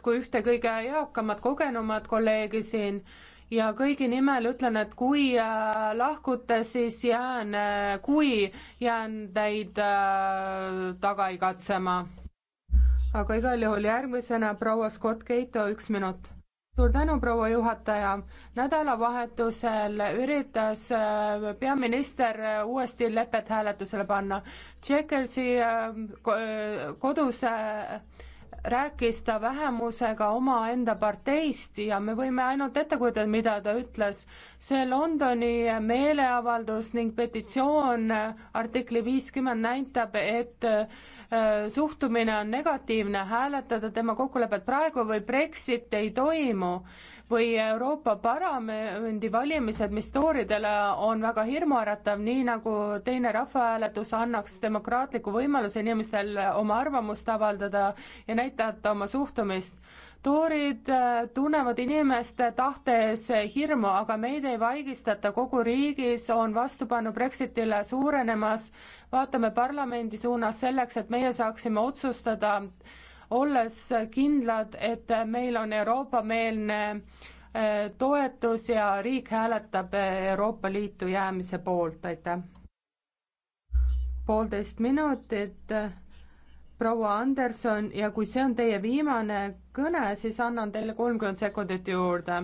kui ühte kõige eakamat, kogenumat kolleegi siin ja kõigi nimel ütlen, et kui äh, lahkute, siis jään, äh, kui jään teid äh, taga igatsema. aga igal juhul järgmisena proua Scott Keito, üks minut. suur tänu, proua juhataja. nädalavahetusel üritas peaminister uuesti lepet hääletusele panna. Tšekersi kodus rääkis ta vähemusega omaenda parteist ja me võime ainult ette kujutada, mida ta ütles. see Londoni meeleavaldus ning petitsioon artikli viiskümmend näitab, et äh, suhtumine on negatiivne, hääletada tema kokkulepet praegu või Brexit ei toimu või Euroopa Parlamendi valimised, mis tooridele on väga hirmuäratav, nii nagu teine rahvahääletus annaks demokraatliku võimaluse inimestel oma arvamust avaldada ja näidata oma suhtumist. toorid äh, tunnevad inimeste tahte ees hirmu, aga meid ei vaigistata, kogu riigis on vastupanu Brexitile suurenemas, vaatame parlamendi suunas selleks, et meie saaksime otsustada olles kindlad, et meil on Euroopa-meelne äh, toetus ja riik hääletab äh, Euroopa Liitu jäämise poolt, aitäh. poolteist minutit proua Anderson ja kui see on teie viimane kõne, siis annan teile kolmkümmend sekundit juurde.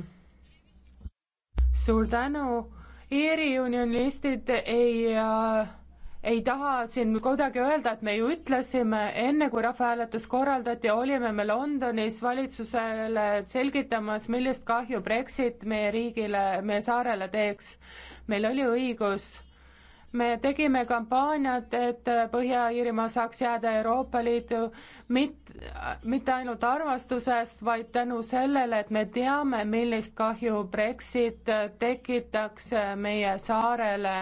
suur tänu, e-reunionistid ei äh, ei taha siin kuidagi öelda, et me ju ütlesime, enne kui rahvahääletus korraldati, olime me Londonis valitsusele selgitamas, millist kahju Brexit meie riigile, meie saarele teeks. meil oli õigus. me tegime kampaaniat, et Põhja-Iirimaa saaks jääda Euroopa Liidu mit-, mitte ainult armastusest, vaid tänu sellele, et me teame, millist kahju Brexit tekitaks meie saarele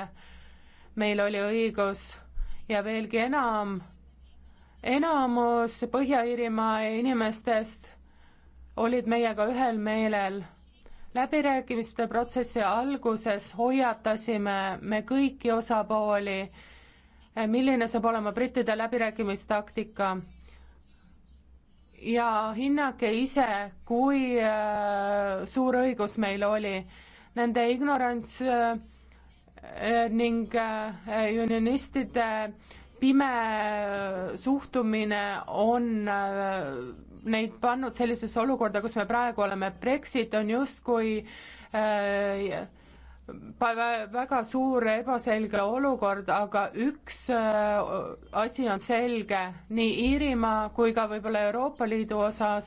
meil oli õigus ja veelgi enam, enamus Põhja-Iirimaa inimestest olid meiega ühel meelel. läbirääkimiste protsessi alguses hoiatasime me kõiki osapooli, milline saab olema brittide läbirääkimistaktika. ja hinnake ise, kui äh, suur õigus meil oli. Nende ignorants äh, Eh, ning eh, unionistide pime eh, suhtumine on neid pannud sellisesse olukorda, kus me praegu oleme. Brexit on justkui väga suur ebaselge olukord, aga üks asi on selge nii Iirimaa kui ka võib-olla Euroopa Liidu osas,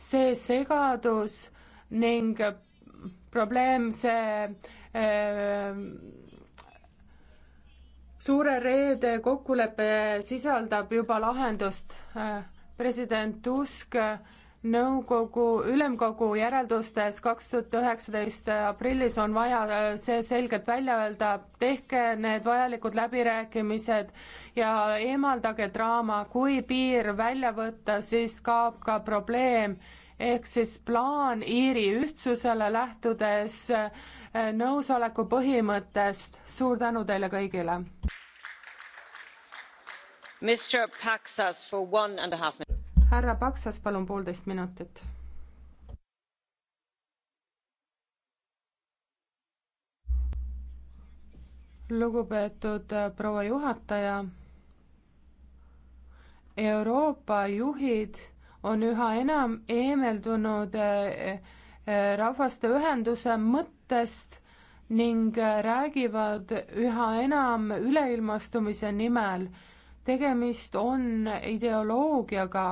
see segadus ning probleemse suure reede kokkulepe sisaldab juba lahendust. president Tusk nõukogu, ülemkogu järeldustes kaks tuhat üheksateist aprillis on vaja see selgelt välja öelda, tehke need vajalikud läbirääkimised ja eemaldage draama, kui piir välja võtta, siis kaob ka probleem ehk siis plaan Iiri ühtsusele lähtudes Eh, nõusoleku põhimõttest. suur tänu teile kõigile. härra Paksas, palun poolteist minutit. lugupeetud eh, proua juhataja. Euroopa juhid on üha enam eemeldunud eh, rahvaste ühenduse mõttest mõtetest ning äh, räägivad üha enam üleilmastumise nimel. tegemist on ideoloogiaga.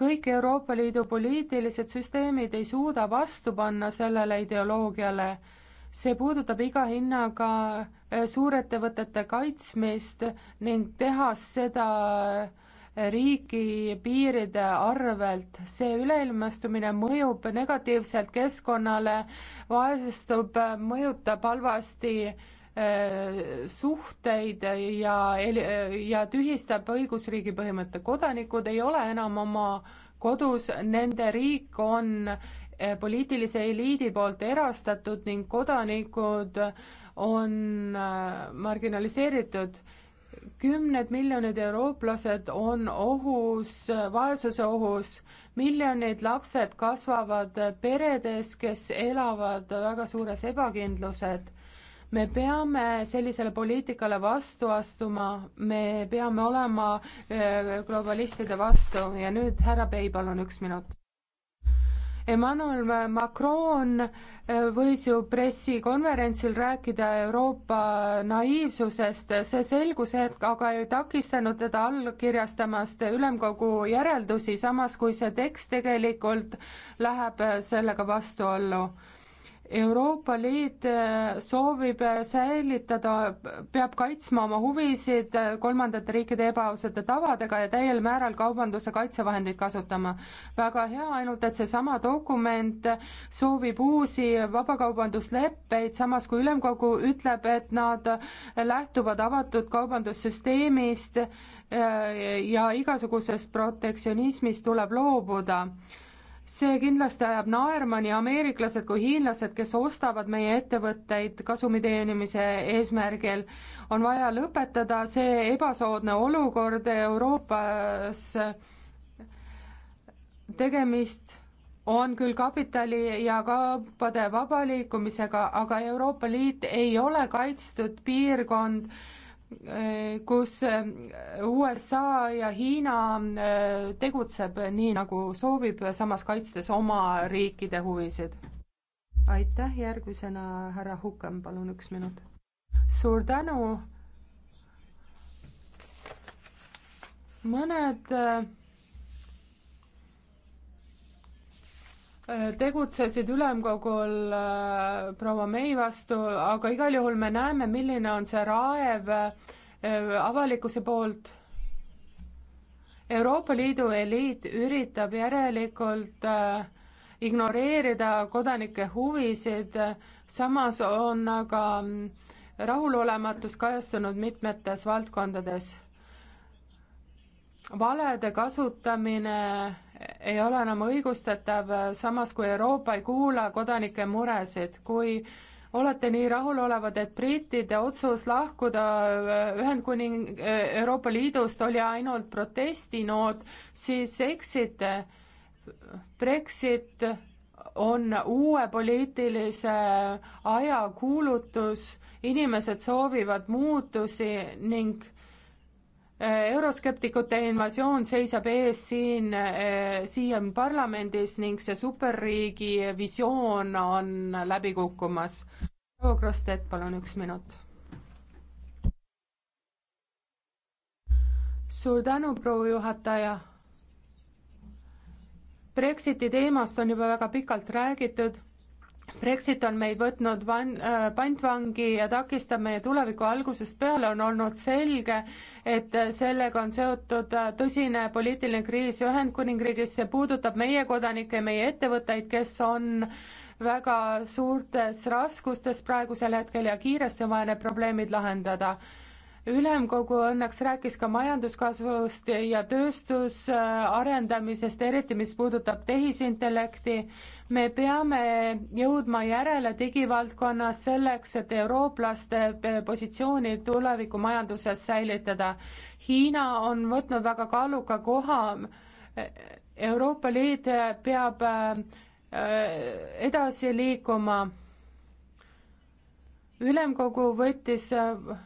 kõik Euroopa Liidu poliitilised süsteemid ei suuda vastu panna sellele ideoloogiale. see puudutab iga hinnaga äh, suurettevõtete kaitsmist ning tehas seda riigipiiride arvelt. see üleilmastumine mõjub negatiivselt keskkonnale, vaestub, mõjutab halvasti äh, suhteid ja, ja tühistab õigusriigi põhimõtte. kodanikud ei ole enam oma kodus, nende riik on äh, poliitilise eliidi poolt erastatud ning kodanikud on äh, marginaliseeritud kümned miljonid eurooplased on ohus, vaesuse ohus. miljonid lapsed kasvavad peredes, kes elavad väga suures ebakindlused. me peame sellisele poliitikale vastu astuma, me peame olema eh, globalistide vastu ja nüüd härra Peibal on üks minut. Emmanuel Macron eh, võis ju pressikonverentsil rääkida Euroopa naiivsusest, see selgus, et aga ei takistanud teda allkirjastamast ülemkogu järeldusi, samas kui see tekst tegelikult läheb sellega vastuollu Euroopa Liit äh, soovib äh, säilitada, peab kaitsma oma huvisid äh, kolmandate riikide ebaausate tavadega ja täiel määral kaubanduse kaitsevahendeid kasutama. väga hea, ainult et seesama dokument soovib uusi vabakaubandusleppeid, samas kui ülemkogu ütleb, et nad lähtuvad avatud kaubandussüsteemist ja igasugusest protektsionismist tuleb loobuda see kindlasti ajab naerma nii ameeriklased kui hiinlased, kes ostavad meie ettevõtteid kasumi teenimise eesmärgil. on vaja lõpetada see ebasoodne olukord Euroopas. tegemist on küll kapitali ja kaupade vaba liikumisega, aga Euroopa Liit ei ole kaitstud piirkond kus äh, USA ja Hiina äh, tegutseb nii, nagu soovib, samas kaitstes oma riikide huvisid. aitäh, järgmisena härra Hukam, palun üks minut. suur tänu. mõned äh, tegutsesid ülemkogul äh, proua May vastu, aga igal juhul me näeme, milline on see raev äh, avalikkuse poolt. Euroopa Liidu eliit üritab järelikult äh, ignoreerida kodanike huvisid, samas on aga mm, rahulolematus kajastunud mitmetes valdkondades. valede kasutamine ei ole enam õigustatav, samas kui Euroopa ei kuula kodanike muresid, kui olete nii rahulolevad, et brittide otsus lahkuda äh, Ühendkuning-, äh, Euroopa Liidust oli ainult protestinoot, siis eksite. Brexit on uue poliitilise aja kuulutus, inimesed soovivad muutusi ning euroskeptikute invasioon seisab ees siin, eh, siin parlamendis ning see superriigi visioon on läbi kukkumas. proua Krossett, palun üks minut suur tänu, proua juhataja. Brexiti teemast on juba väga pikalt räägitud Brexit on meid võtnud van-, äh, pantvangi ja takistab meie tuleviku algusest peale, on olnud selge, et äh, sellega on seotud äh, tõsine poliitiline kriis Ühendkuningriigis, see puudutab meie kodanikke, meie ettevõtteid, kes on väga suurtes raskustes praegusel hetkel ja kiiresti on vaja need probleemid lahendada ülemkogu õnneks rääkis ka majanduskasvust ja tööstuse arendamisest, eriti mis puudutab tehisintellekti me peame jõudma järele digivaldkonnas selleks, et eurooplaste positsiooni tulevikumajanduses säilitada. Hiina on võtnud väga kaaluka koha. Euroopa Liit peab äh, edasi liikuma. ülemkogu võttis äh,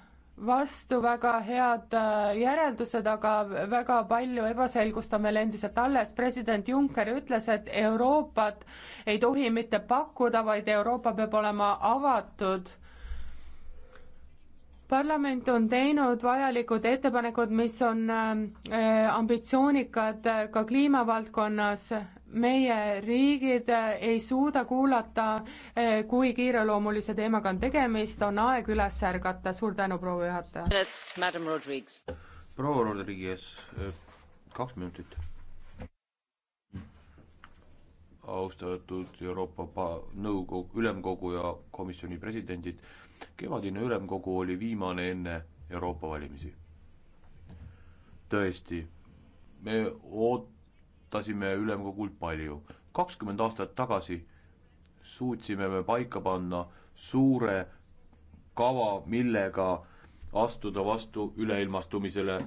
vastu väga head äh, järeldused, aga väga palju ebaselgust on meil endiselt alles. president Juncker ütles, et Euroopat ei tohi mitte pakkuda, vaid Euroopa peab olema avatud parlament on teinud vajalikud ettepanekud, mis on äh, ambitsioonikad äh, ka kliimavaldkonnas. meie riigid äh, ei suuda kuulata, kui kiireloomulise teemaga on tegemist, on aeg üles ärgata. suur tänu, proua juhataja. proua Rodriguez, kaks minutit austatud Euroopa pa-, nõukogu, ülemkogu ja komisjoni presidendid, kevadine ülemkogu oli viimane enne Euroopa valimisi. tõesti, me ootasime ülemkogult palju. kakskümmend aastat tagasi suutsime me paika panna suure kava, millega astuda vastu üleilmastumisele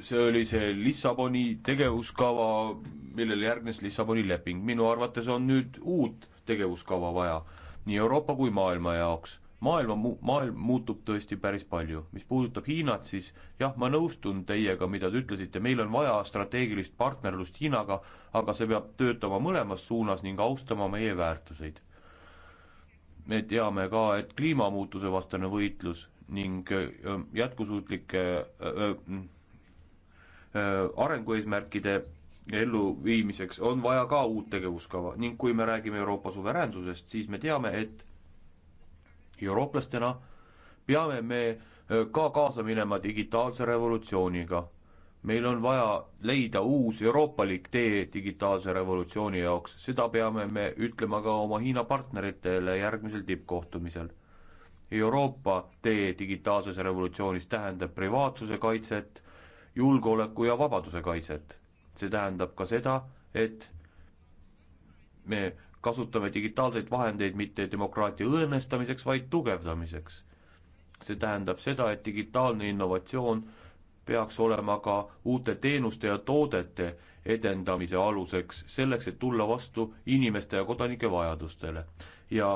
see oli see Lissaboni tegevuskava, millele järgnes Lissaboni leping, minu arvates on nüüd uut tegevuskava vaja nii Euroopa kui maailma jaoks. maailma mu-, maailm muutub tõesti päris palju, mis puudutab Hiinat, siis jah, ma nõustun teiega, mida te ütlesite, meil on vaja strateegilist partnerlust Hiinaga, aga see peab töötama mõlemas suunas ning austama meie väärtuseid. me teame ka, et kliimamuutuse vastane võitlus ning äh, jätkusuutlike öö, äh, äh, Äh, arengueesmärkide elluviimiseks on vaja ka uut tegevuskava ning kui me räägime Euroopa suveräänsusest, siis me teame, et eurooplastena peame me äh, ka kaasa minema digitaalse revolutsiooniga. meil on vaja leida uus euroopalik tee digitaalse revolutsiooni jaoks, seda peame me ütlema ka oma Hiina partneritele järgmisel tippkohtumisel. Euroopa tee digitaalses revolutsioonis tähendab privaatsuse kaitset julgeoleku ja vabaduse kaitset. see tähendab ka seda, et me kasutame digitaalseid vahendeid mitte demokraatia õõnestamiseks, vaid tugevdamiseks. see tähendab seda, et digitaalne innovatsioon peaks olema ka uute teenuste ja toodete edendamise aluseks, selleks et tulla vastu inimeste ja kodanike vajadustele. ja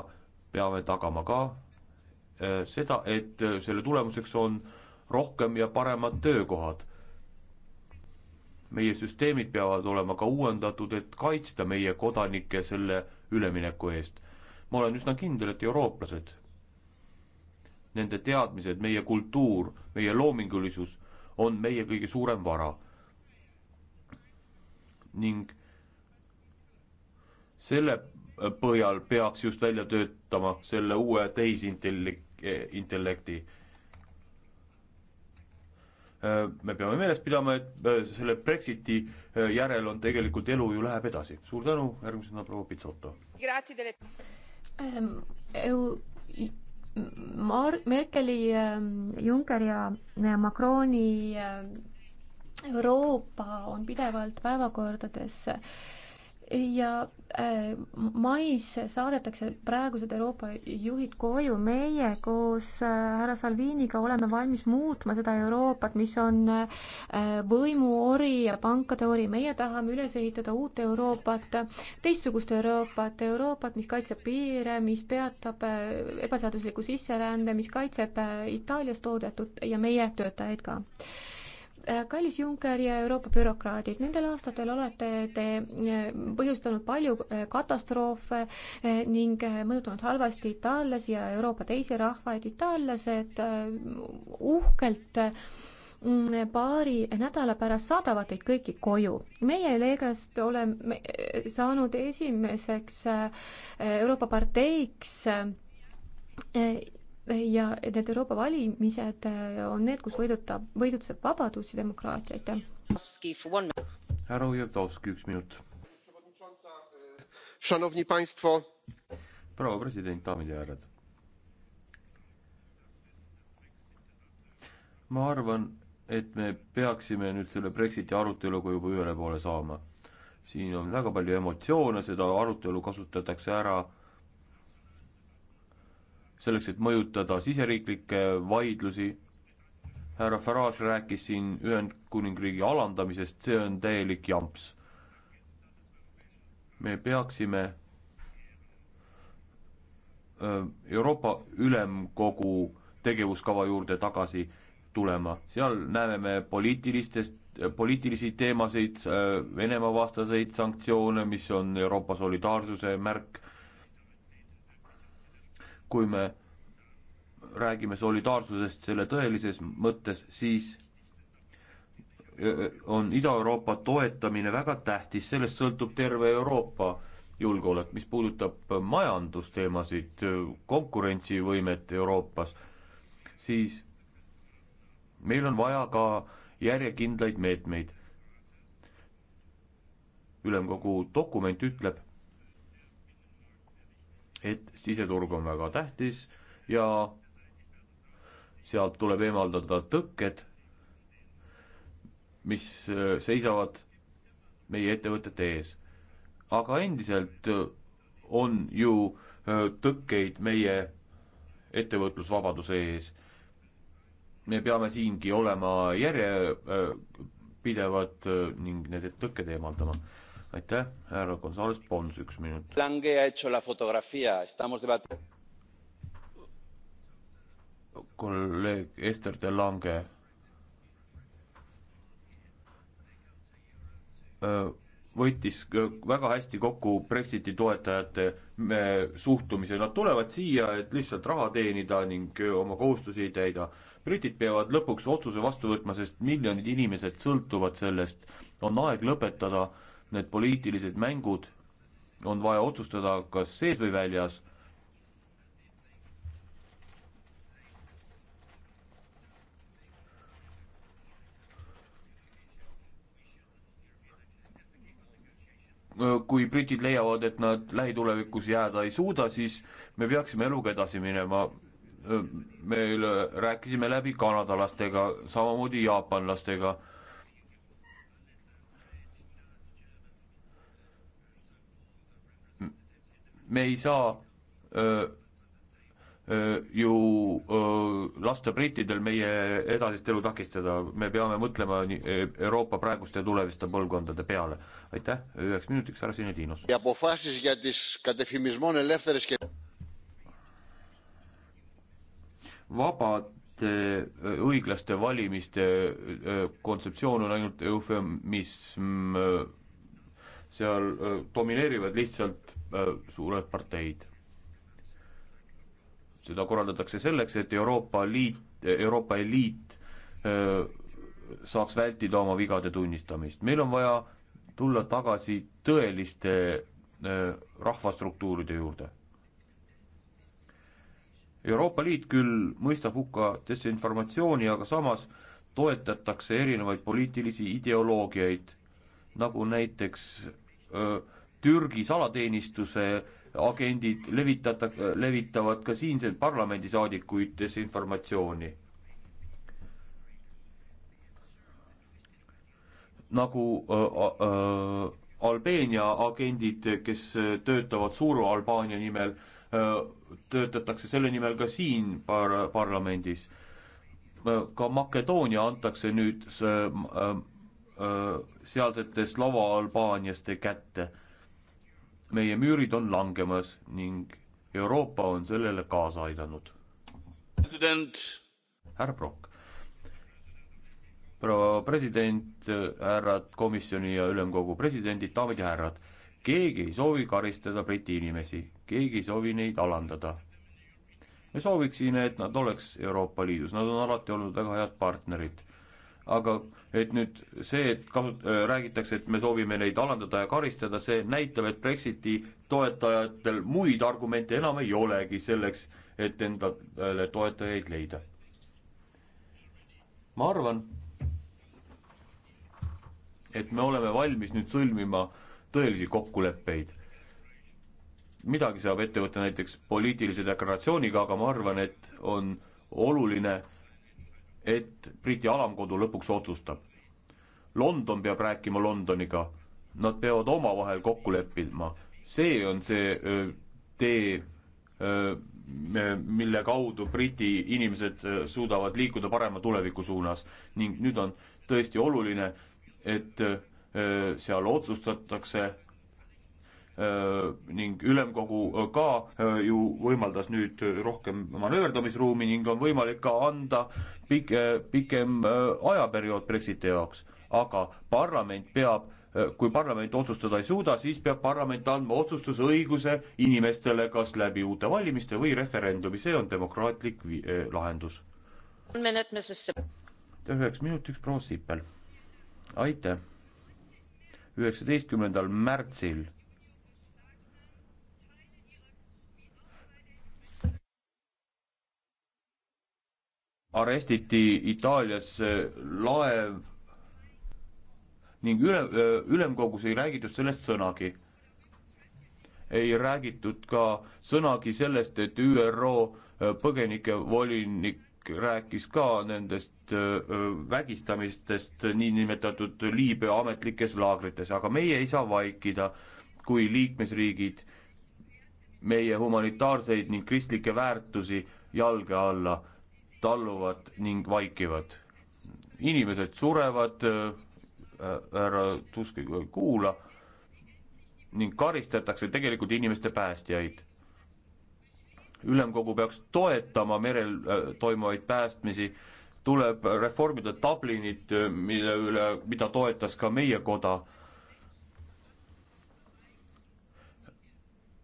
peame tagama ka äh, seda, et äh, selle tulemuseks on rohkem ja paremad töökohad meie süsteemid peavad olema ka uuendatud, et kaitsta meie kodanikke selle ülemineku eest. ma olen üsna kindel, et eurooplased, nende teadmised, meie kultuur, meie loomingulisus on meie kõige suurem vara. ning selle põhjal peaks just välja töötama selle uue tehisintellekti, intellekti Äh, me peame meeles pidama, et äh, selle Brexiti äh, järel on tegelikult elu ju läheb edasi. suur tänu, järgmisena proua Pitsoto. Ähm, Mar-, Merkeli, ähm, Junckeri ja Macroni ähm, Euroopa on pidevalt päevakordades ja äh, mais saadetakse praegused Euroopa juhid koju. meie koos äh, härra äh, Salviniga oleme valmis muutma seda Euroopat, mis on äh, võimuori ja pankade ori. meie tahame üles ehitada uut Euroopat, teistsugust Euroopat, Euroopat, mis kaitseb piire, mis peatab äh, ebaseadusliku sisserände, mis kaitseb äh, Itaalias toodetud ja meie töötajaid ka Äh, kallis Juncker ja Euroopa bürokraadid, nendel aastatel olete te äh, põhjustanud palju äh, katastroofe ning mõjutanud halvasti itaallasi ja Euroopa teisi rahvaid. itaallased uhkelt paari nädala pärast saadavad teid kõiki koju. meie Leegast oleme saanud esimeseks Euroopa parteiks ja need Euroopa valimised äh, on need, kus võidutab, võidutseb vabadus ja demokraatia, aitäh. härra Ujevdovski, üks minut. proua president, daamid ja härrad. ma arvan, et me peaksime nüüd selle Brexiti aruteluga juba ühele poole saama. siin on väga palju emotsioone, seda arutelu kasutatakse ära selleks, et mõjutada siseriiklikke vaidlusi, härra Farage rääkis siin Ühendkuningriigi alandamisest, see on täielik jamps. me peaksime Euroopa Ülemkogu tegevuskava juurde tagasi tulema, seal näeme me poliitilistest, poliitilisi teemasid, Venemaa vastaseid sanktsioone, mis on Euroopa solidaarsuse märk, kui me räägime solidaarsusest selle tõelises mõttes, siis on Ida-Euroopa toetamine väga tähtis, sellest sõltub terve Euroopa julgeolek, mis puudutab majandusteemasid, konkurentsivõimet Euroopas, siis meil on vaja ka järjekindlaid meetmeid. ülemkogu dokument ütleb et siseturg on väga tähtis ja sealt tuleb eemaldada tõkked, mis äh, seisavad meie ettevõtete ees. aga endiselt äh, on ju äh, tõkkeid meie ettevõtlusvabaduse ees. me peame siingi olema järjepidevad ning need tõkked eemaldama aitäh, härra Gonzalez Pons, üks minut. kolleeg Ester de Lange. võttis väga hästi kokku Brexiti toetajate suhtumise, nad tulevad siia, et lihtsalt raha teenida ning oma kohustusi ei täida britid peavad lõpuks otsuse vastu võtma, sest miljonid inimesed sõltuvad sellest. on aeg lõpetada äh, Need poliitilised mängud on vaja otsustada kas sees või väljas. kui britid leiavad, et nad lähitulevikus jääda ei suuda, siis me peaksime eluga edasi minema. me rääkisime läbi kanadalastega, samamoodi jaapanlastega me ei saa öö, öö, ju öö, lasta brittidel meie edasist elu takistada, me peame mõtlema e, Euroopa praeguste ja tuleviste põlvkondade peale. aitäh, üheks minutiks, härra Sinedinos. vabad õiglaste valimiste kontseptsioon on ainult eufemism, seal domineerivad lihtsalt Äh, suured parteid. seda korraldatakse selleks, et Euroopa Liit, Euroopa eliit äh, saaks vältida oma vigade tunnistamist. meil on vaja tulla tagasi tõeliste äh, rahvastruktuuride juurde. Euroopa Liit küll mõistab hukka desinformatsiooni, aga samas toetatakse erinevaid poliitilisi ideoloogiaid, nagu näiteks öö, Türgi salateenistuse agendid levitata, levitavad ka siinseid parlamendisaadikuid desinformatsiooni. nagu äh, äh, Albeenia agendid, kes töötavad Suur-Albaania nimel äh,, töötatakse selle nimel ka siin par-, parlamendis. ka Makedoonia antakse nüüd äh, äh, sealsete Slava-Albaaniaste kätte meie müürid on langemas ning Euroopa on sellele kaasa aidanud. härra Brock. proua president, härrad komisjoni ja ülemkogu presidendid, daamid ja härrad, keegi ei soovi karistada Briti inimesi, keegi ei soovi neid alandada. me sooviksin, et nad oleks Euroopa Liidus, nad on alati olnud väga head partnerid aga et nüüd see, et kasut-, äh, räägitakse, et me soovime neid alandada ja karistada, see näitab, et Brexiti toetajatel muid argumente enam ei olegi selleks, et endale toetajaid leida. ma arvan, et me oleme valmis nüüd sõlmima tõelisi kokkuleppeid. midagi saab ette võtta näiteks poliitilise deklaratsiooniga, aga ma arvan, et on oluline et Briti alamkodu lõpuks otsustab. London peab rääkima Londoniga, nad peavad omavahel kokku leppima, see on see öö, tee, mille kaudu Briti inimesed suudavad liikuda parema tuleviku suunas ning nüüd on tõesti oluline, et seal otsustatakse Äh, ning ülemkogu äh, ka äh, ju võimaldas nüüd rohkem manööverdamisruumi ning on võimalik ka anda pik-, pikem ajaperiood Brexiti jaoks. aga parlament peab, kui parlament otsustada ei suuda, siis peab parlament andma otsustusõiguse inimestele kas läbi uute valimiste või referendumi, see on demokraatlik vi-, lahendus. üheks minutiks proua Sippel. aitäh. üheksateistkümnendal märtsil arestiti Itaalias äh, laev ning üle, äh, ülemkogus ei räägitud sellest sõnagi. ei räägitud ka sõnagi sellest, et ÜRO äh, põgenikevolinik rääkis ka nendest vägistamistest niinimetatud Liibüa ametlikes laagrites, aga meie ei saa vaikida, kui liikmesriigid meie humanitaarseid ning kristlikke väärtusi jalge alla talluvad ning vaikivad. inimesed surevad äh,, härra Tusk ei kuula, ning karistatakse tegelikult inimeste päästjaid. ülemkogu peaks toetama merel äh, toimuvaid päästmisi, tuleb reformida Dublinit, äh, mille üle, mida toetas ka meie koda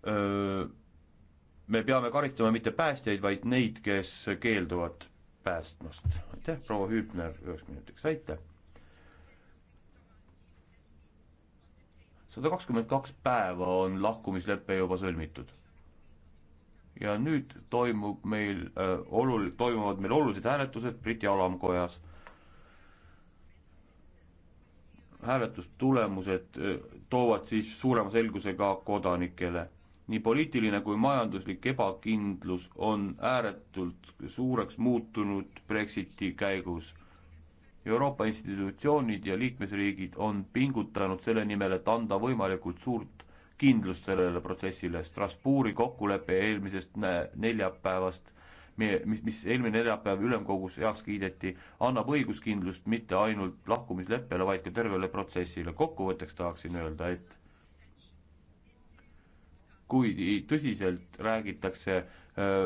äh, me peame karistama mitte päästjaid, vaid neid, kes keelduvad päästmast. aitäh, proua Hüübner, üheks minutiks, aitäh. sada kakskümmend kaks päeva on lahkumislepe juba sõlmitud. ja nüüd toimub meil äh, olul-, toimuvad meil olulised hääletused Briti alamkojas. hääletustulemused äh, toovad siis suurema selguse ka kodanikele nii poliitiline kui majanduslik ebakindlus on ääretult suureks muutunud Brexiti käigus. Euroopa institutsioonid ja liikmesriigid on pingutanud selle nimel, et anda võimalikult suurt kindlust sellele protsessile, Strasbourgi kokkulepe eelmisest neljapäevast, mis, mis eelmine neljapäev ülemkogus heaks kiideti, annab õiguskindlust mitte ainult lahkumisleppele, vaid ka tervele protsessile. kokkuvõtteks tahaksin öelda, et kui tõsiselt räägitakse äh,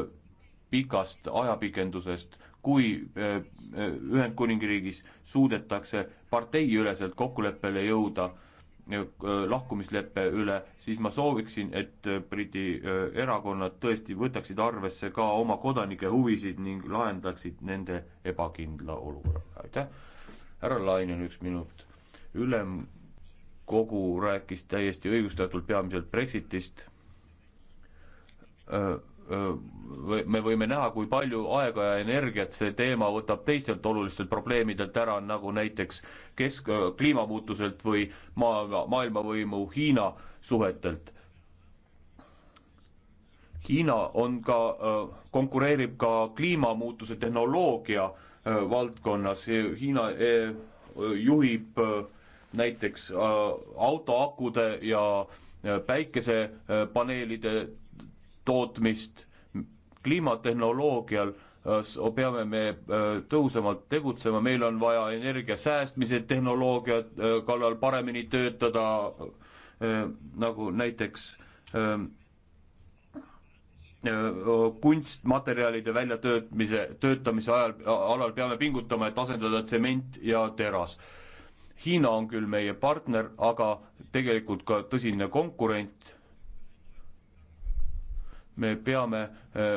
pikast ajapikendusest, kui äh, äh, Ühendkuningriigis suudetakse parteiüleselt kokkuleppele jõuda lahkumisleppe üle, siis ma sooviksin, et Briti erakonnad tõesti võtaksid arvesse ka oma kodanike huvisid ning lahendaksid nende ebakindla olukorra. aitäh! härra Laine, üks minut. ülemkogu rääkis täiesti õigustatult peamiselt Brexitist me võime näha, kui palju aega ja energiat see teema võtab teistelt olulistelt probleemidelt ära, nagu näiteks kesk, kliimamuutuselt või maa, maailmavõimu Hiina suhetelt. Hiina on ka, konkureerib ka kliimamuutuse tehnoloogia valdkonnas, Hiina juhib näiteks autoakude ja päikesepaneelide tootmist, kliimatehnoloogial äh, peame me äh, tõhusamalt tegutsema, meil on vaja energia säästmise tehnoloogia äh, kallal paremini töötada, nagu näiteks kunstmaterjalide väljatöötmise, töötamise ajal, alal peame pingutama, et asendada tsement ja teras. Hiina on küll meie partner, aga tegelikult ka tõsine konkurent me peame äh,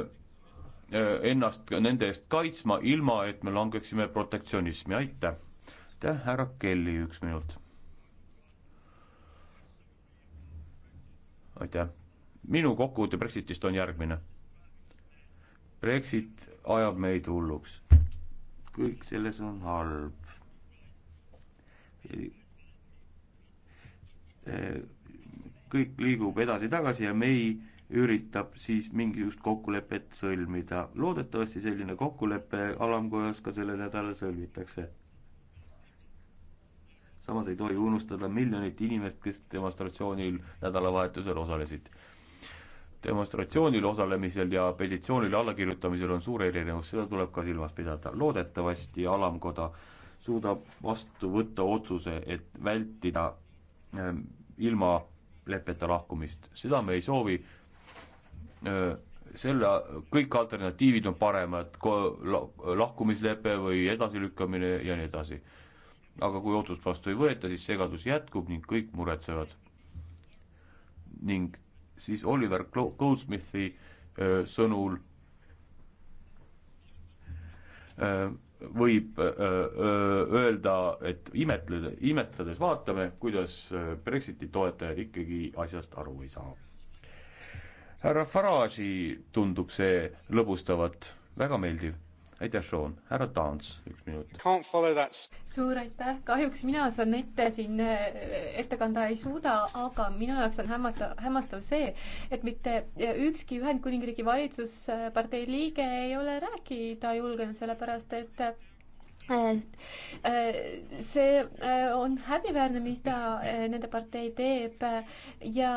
äh, ennast nende eest kaitsma, ilma et me langeksime protektsionismi, aitäh. aitäh, härra Kelly, üks minut. aitäh. minu kokkuvõte Brexitist on järgmine. Brexit ajab meid hulluks. kõik selles on halb. kõik liigub edasi-tagasi ja me ei üritab siis mingisugust kokkulepet sõlmida. loodetavasti selline kokkulepe alamkojas ka sellel nädalal sõlmitakse. samas ei tohi unustada miljonit inimest, kes demonstratsioonil nädalavahetusel osalesid. demonstratsioonil osalemisel ja petitsioonile allakirjutamisel on suur erinevus, seda tuleb ka silmas pidada. loodetavasti alamkoda suudab vastu võtta otsuse, et vältida ehm, ilma leppeta lahkumist, seda me ei soovi Äh, selle, kõik alternatiivid on paremad, lahkumislepe või edasilükkamine ja nii edasi. aga kui otsust vastu ei võeta, siis segadus jätkub ning kõik muretsevad. ning siis Oliver Goldsmithi äh, sõnul äh, võib öelda, et imetleda, imestades vaatame, kuidas Brexiti toetajad ikkagi asjast aru ei saa härra Farage'i tundub see lõbustavat, väga meeldiv aitäh, Sean, härra Taans, üks minut. suur aitäh, kahjuks mina sonette siin äh, ette kanda ei suuda, aga minu jaoks on hämmata, hämmastav see, et mitte äh, ükski Ühendkuningriigi valitsuspartei liige ei ole rääkida julgenud, sellepärast et äh, see on häbiväärne, mida nende partei teeb ja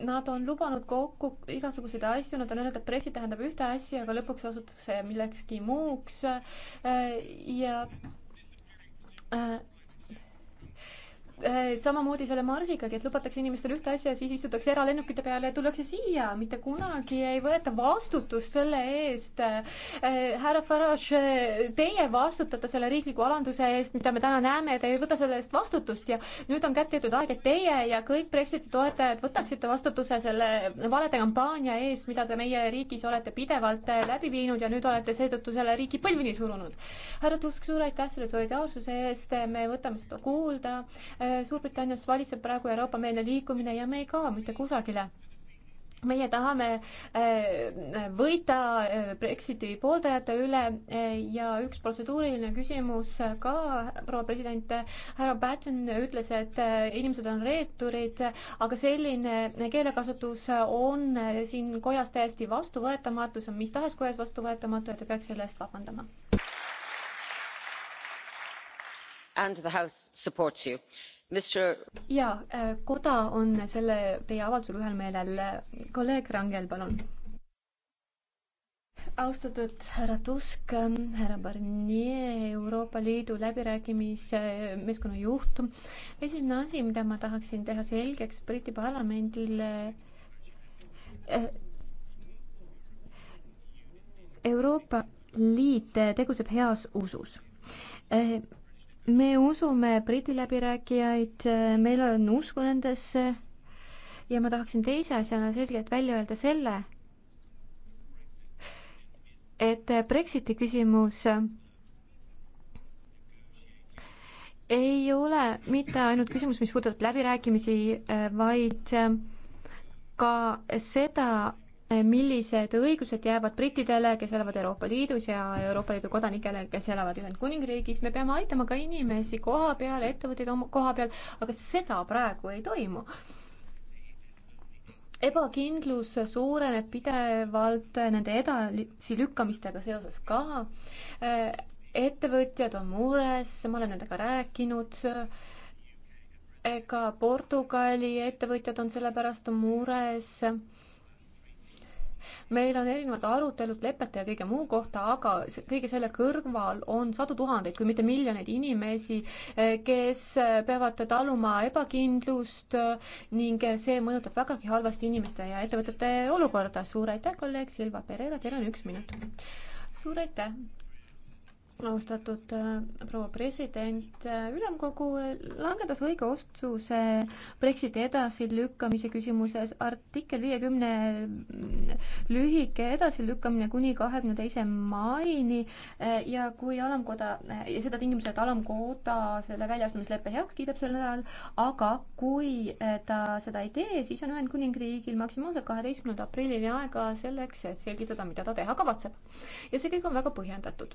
Nad on lubanud kokku igasuguseid asju, nad on öelnud, et Brexit tähendab ühte asja, aga lõpuks osutus see millekski muuks äh, ja äh, Eh, samamoodi selle Marsigagi, et lubatakse inimestel ühte asja ja siis istutakse eralennukite peale ja tullakse siia. mitte kunagi ei võeta vastutust selle eest. Eh, härra Farage, teie vastutate selle riikliku alanduse eest, mida me täna näeme, te ei võta selle eest vastutust ja nüüd on kätte jõudnud aeg, et teie ja kõik Brexiti toetajad võtaksite vastutuse selle valede kampaania eest, mida te meie riigis olete pidevalt eh, läbi viinud ja nüüd olete seetõttu selle riigi põlvini surunud. härra Tusk, suur aitäh selle solidaarsuse eest, me võtame seda kuulda Suurbritannias valitseb praegu Euroopa-meelne liikumine ja me ei kao mitte kusagile meie tahame äh, võita äh, Brexiti pooldajate üle äh, ja üks protseduuriline küsimus ka, proua president, härra Patten ütles, et inimesed on reeturid, aga selline keelekasutus on siin kojas täiesti vastuvõetamatu, see on mis tahes kojas vastuvõetamatu ja ta peaks selle eest vabandama. And the house supports you ja äh, koda on selle teie avaldusega ühel meelel. kolleeg Rangel, palun. austatud härra Tusk, ähm, härra Barnier, Euroopa Liidu läbirääkimismeeskonna äh, juht. esimene asi, mida ma tahaksin teha selgeks Briti parlamendile äh, Euroopa Liit tegutseb heas usus me usume Briti läbirääkijaid, meil on usku nendesse ja ma tahaksin teise asjana selgelt välja öelda selle, et Brexiti küsimus ei ole mitte ainult küsimus, mis puudutab läbirääkimisi, vaid ka seda, millised õigused jäävad brittidele, kes elavad Euroopa Liidus ja Euroopa Liidu kodanikele, kes elavad Ühendkuningriigis, me peame aitama ka inimesi koha peal, ettevõtteid oma koha peal, aga seda praegu ei toimu. ebakindlus suureneb pidevalt nende edasilükkamistega seoses ka. ettevõtjad on mures, ma olen nendega rääkinud ka Portugali ettevõtjad on selle pärast mures meil on erinevad arutelud lepete ja kõige muu kohta, aga kõige selle kõrval on sadu tuhandeid, kui mitte miljoneid inimesi, eh, kes eh, peavad taluma ebakindlust eh, ning see mõjutab vägagi halvasti inimeste ja ettevõtete olukorda. suur aitäh, kolleeg Silva Pereira, teil on üks minut. suur aitäh austatud äh, proua president, äh, ülemkogu langetas õige otsuse Brexiti edasilükkamise küsimuses. artikkel viiekümne mm, lühike edasilükkamine kuni kahekümne teise maini äh, ja kui alamkoda, ja seda tingimusel, et alamkoda selle väljaastumisleppe heaks kiidab sel nädalal, aga kui ta seda ei tee, siis on Ühendkuningriigil maksimaalselt kaheteistkümnenda aprillini aega selleks, et selgitada, mida ta teha kavatseb. ja see kõik on väga põhjendatud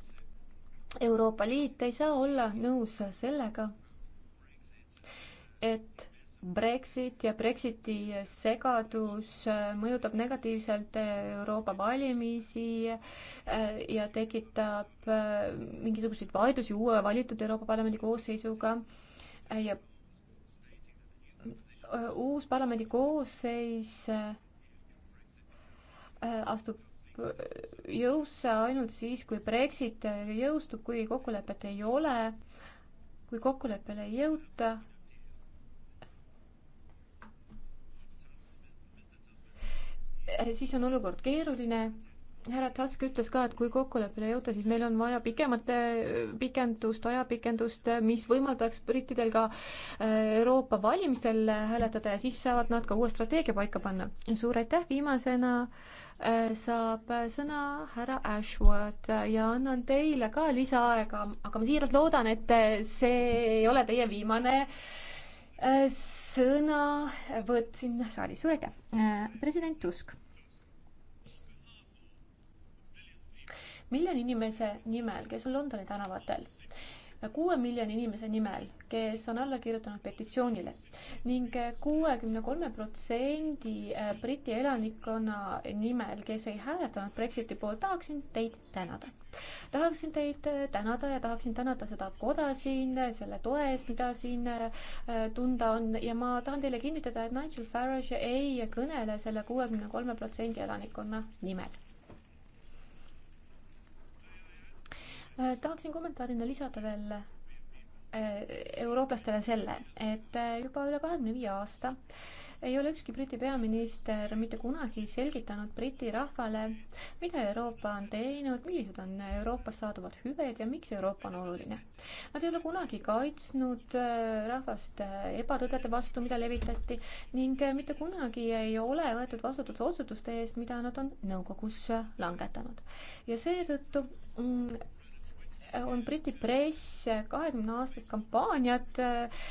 Euroopa Liit ei saa olla nõus sellega, et Brexit ja Brexiti segadus mõjutab negatiivselt Euroopa valimisi äh, ja tekitab äh, mingisuguseid vaidlusi uue valitud Euroopa Parlamendi koosseisuga äh, ja uus parlamendi koosseis astub jõusse ainult siis, kui Brexit jõustub, kui kokkulepet ei ole, kui kokkuleppele ei jõuta. siis on olukord keeruline. härra Tusk ütles ka, et kui kokkuleppele ei jõuta, siis meil on vaja pikemat pikendust, ajapikendust, mis võimaldaks brittidel ka äh, Euroopa valimistel hääletada ja siis saavad nad ka uue strateegia paika panna. suur aitäh, viimasena äh, Äh, saab äh, sõna härra Ashworth äh, ja annan teile ka lisaaega, aga ma siiralt loodan, et see ei ole teie viimane sõnavõtt siin saalis. suur aitäh, president Tusk. miljoni inimese nimel, kes on Londoni tänavatel kuue miljoni inimese nimel, kes on alla kirjutanud petitsioonile ning eh, kuuekümne kolme protsendi eh, Briti elanikkonna nimel, kes ei hääletanud Brexiti poolt, tahaksin teid tänada. tahaksin teid eh, tänada ja tahaksin tänada seda koda siin selle toe eest, mida siin tunda on ja ma tahan teile kinnitada, et Nigel Farage ei kõnele selle kuuekümne kolme protsendi elanikkonna nimel Äh, tahaksin kommentaarina lisada veel äh, eurooplastele selle, et äh, juba üle kahekümne viie aasta ei ole ükski Briti peaminister mitte kunagi selgitanud Briti rahvale, mida Euroopa on teinud, millised on Euroopast saaduvad hüved ja miks Euroopa on oluline. Nad ei ole kunagi kaitsnud rahvast ebatõdede vastu, mida levitati ning mitte kunagi ei ole võetud vastutust otsustuste eest, mida nad on nõukogus langetanud. ja seetõttu mm, on Briti press kahekümne aastast kampaaniat äh,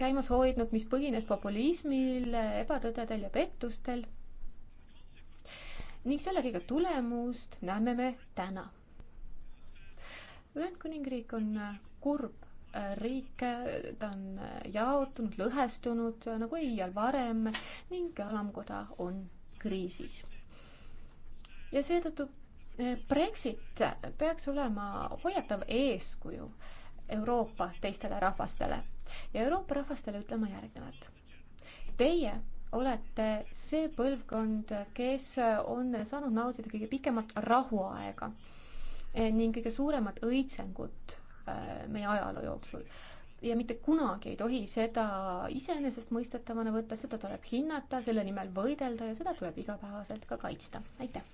käimas hoidnud, mis põhines populismil, ebatõdedel ja pettustel. ning selle kõige tulemust näeme me täna. Ühendkuningriik on kurb riik, ta on jaotunud, lõhestunud nagu iial varem ning alamkoda on kriisis. ja seetõttu Brexit peaks olema hoiatav eeskuju Euroopa teistele rahvastele ja Euroopa rahvastele ütlema järgnevat. Teie olete see põlvkond, kes on saanud naudida kõige pikemat rahuaega ning kõige suuremat õitsengut äh, meie ajaloo jooksul. ja mitte kunagi ei tohi seda iseenesestmõistetavana võtta, seda tuleb hinnata, selle nimel võidelda ja seda tuleb igapäevaselt ka kaitsta. aitäh!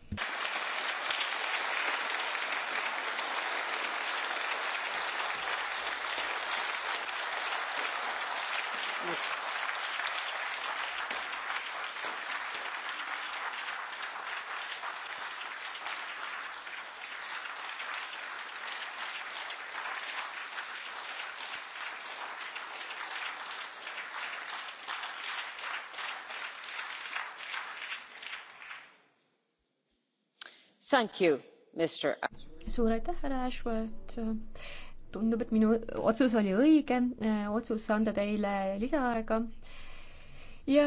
suur aitäh, härra Ashworth. tundub, et minu otsus oli õige, otsus anda teile lisaaega. ja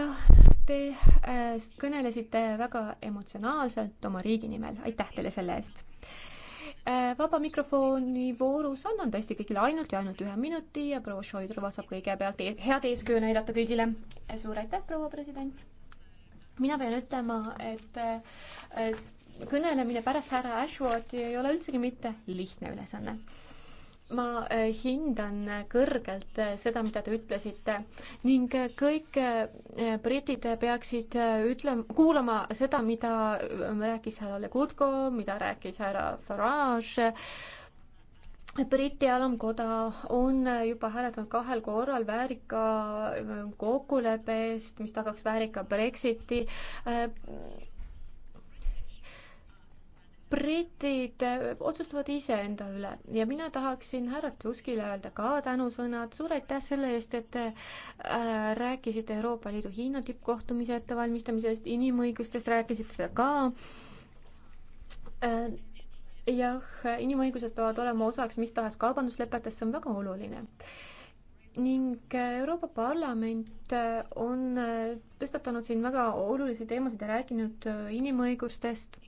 te äh, kõnelesite väga emotsionaalselt oma riigi nimel, aitäh teile selle eest. Äh, vaba mikrofoni voorus annan tõesti kõigile ainult ja ainult ühe minuti ja proua Šoidrova saab kõigepealt e-, head eeskuju näidata kõigile. Äh, suur aitäh, proua president. mina pean ütlema, et kõnelemine pärast härra Ashworthi ei ole üldsegi mitte lihtne ülesanne ma äh, hindan kõrgelt äh, seda, mida te ütlesite ning äh, kõik britid peaksid ütlema, kuulama seda, mida rääkis härra Le Cutco, mida rääkis härra Farage. Briti alamkoda on juba hääletanud kahel korral väärika kokkuleppe eest, mis tagaks väärika Brexiti britid eh, otsustavad iseenda üle ja mina tahaksin härra Tuskile öelda ka tänusõnad, suur aitäh selle eest, et te äh, rääkisite Euroopa Liidu Hiina tippkohtumise ettevalmistamisest, inimõigustest rääkisite te ka äh,. jah, inimõigused peavad olema osaks mis tahes kaubanduslepetest, see on väga oluline ning äh, Euroopa Parlament äh, on äh, tõstatanud siin väga olulisi teemasid ja rääkinud inimõigustest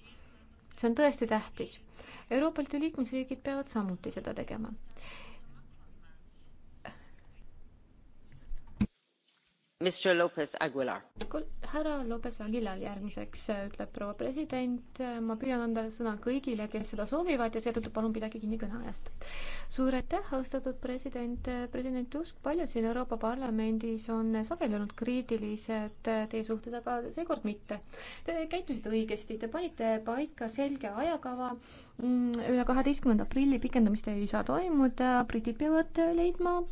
see on tõesti tähtis. Euroopa Liidu liikmesriigid peavad samuti seda tegema. härra Lopez Aguilar järgmiseks äh, ütleb proua president, äh, ma püüan anda sõna kõigile, kes seda soovivad ja seetõttu palun pidage kinni kõneajast. suur aitäh, austatud president, äh, president Tusk, paljud siin Euroopa Parlamendis on sageli olnud kriitilised teie suhtes, aga seekord mitte. Te käitusite õigesti, te panite paika selge ajakava, mm, üle kaheteistkümnenda aprilli pikendamist ei saa toimuda, britid peavad leidma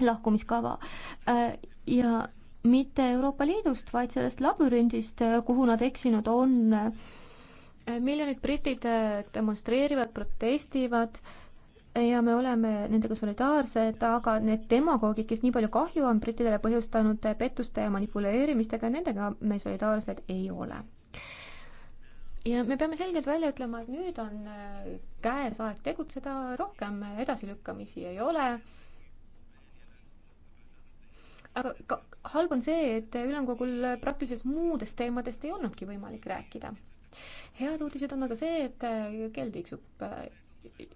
lahkumiskava ja mitte Euroopa Liidust, vaid sellest labürindist, kuhu nad eksinud on. miljonid britid demonstreerivad, protestivad ja me oleme nendega solidaarsed, aga need demagoogid, kes nii palju kahju on brittidele põhjustanud pettuste ja manipuleerimistega, nendega me solidaarsed ei ole ja me peame selgelt välja ütlema, et nüüd on käes aeg tegutseda, rohkem edasilükkamisi ei ole aga ka halb on see, et ülemkogul praktiliselt muudest teemadest ei olnudki võimalik rääkida. head uudised on aga see, et äh, kell tiksub äh,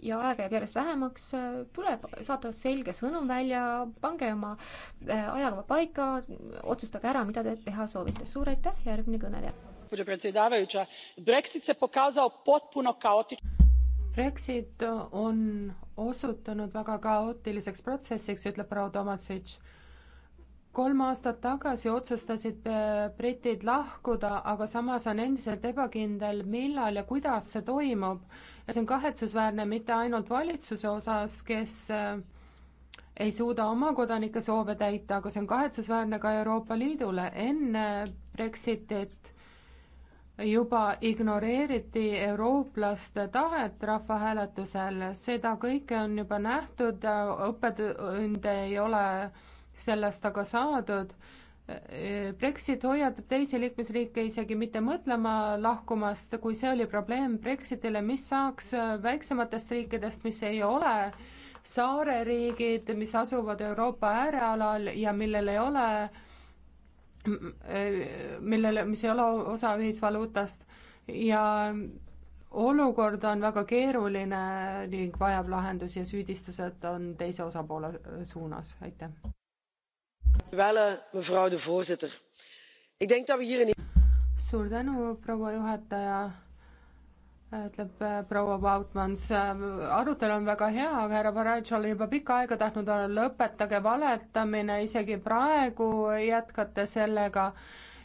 ja aega jääb järjest vähemaks, äh, tuleb saata selge sõnum välja, pange oma ajakava paika, otsustage ära, mida te teha soovite. suur aitäh, järgmine kõneleja. Brexit on osutunud väga kaootiliseks protsessiks, ütleb proua Tomasitš. kolm aastat tagasi otsustasid äh, britid lahkuda, aga samas on endiselt ebakindel, millal ja kuidas see toimub. ja see on kahetsusväärne mitte ainult valitsuse osas, kes äh, ei suuda oma kodanike soove täita, aga see on kahetsusväärne ka Euroopa Liidule. enne Brexitit juba ignoreeriti eurooplaste tahet rahvahääletusel, seda kõike on juba nähtud, õppetunde ei ole sellest aga saadud. Brexit hoiatab teisi liikmesriike isegi mitte mõtlema lahkumast, kui see oli probleem Brexitile, mis saaks väiksematest riikidest, mis ei ole saareriigid, mis asuvad Euroopa äärealal ja millel ei ole millele, mis ei ole osa ühisvaluutast ja olukord on väga keeruline ning vajab lahendusi ja süüdistused on teise osapoole suunas, aitäh. suur tänu, proua juhataja ütleb äh, proua Vautmans, äh, arutelu on väga hea, aga härra Farage on juba pikka aega tahtnud olla, lõpetage valetamine, isegi praegu jätkate sellega.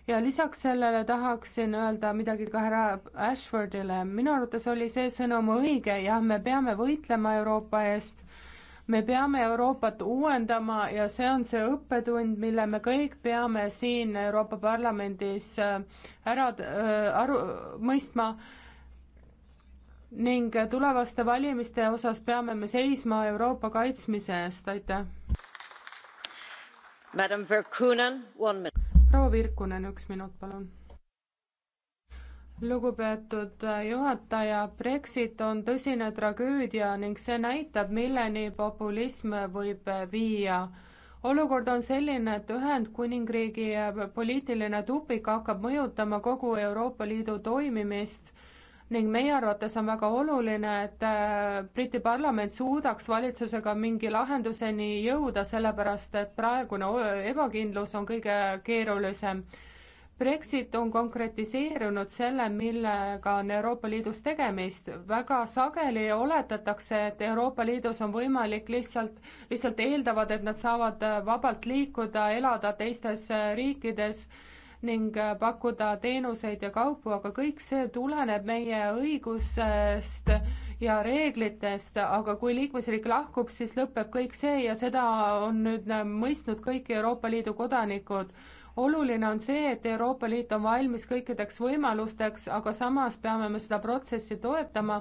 ja lisaks sellele tahaksin öelda midagi ka härra Ashfordile, minu arvates oli see sõnum õige, jah, me peame võitlema Euroopa eest, me peame Euroopat uuendama ja see on see õppetund, mille me kõik peame siin Euroopa Parlamendis äh, ära äh, aru, mõistma ning tulevaste valimiste osas peame me seisma Euroopa kaitsmise eest, aitäh. proua Virkunen, üks minut, palun. lugupeetud juhataja, Brexit on tõsine tragöödia ning see näitab, milleni populism võib viia olukord on selline, et Ühendkuningriigi poliitiline tupik hakkab mõjutama kogu Euroopa Liidu toimimist ning meie arvates on väga oluline, et äh, Briti parlament suudaks valitsusega mingi lahenduseni jõuda, sellepärast et praegune ebakindlus on kõige keerulisem. Brexit on konkretiseerunud selle, millega on Euroopa Liidus tegemist. väga sageli oletatakse, et Euroopa Liidus on võimalik lihtsalt, lihtsalt eeldavad, et nad saavad äh, vabalt liikuda, elada teistes äh, riikides ning äh, pakkuda teenuseid ja kaupu, aga kõik see tuleneb meie õigusest ja reeglitest, aga kui liikmesriik lahkub, siis lõpeb kõik see ja seda on nüüd äh, mõistnud kõik Euroopa Liidu kodanikud oluline on see, et Euroopa Liit on valmis kõikideks võimalusteks, aga samas peame me seda protsessi toetama,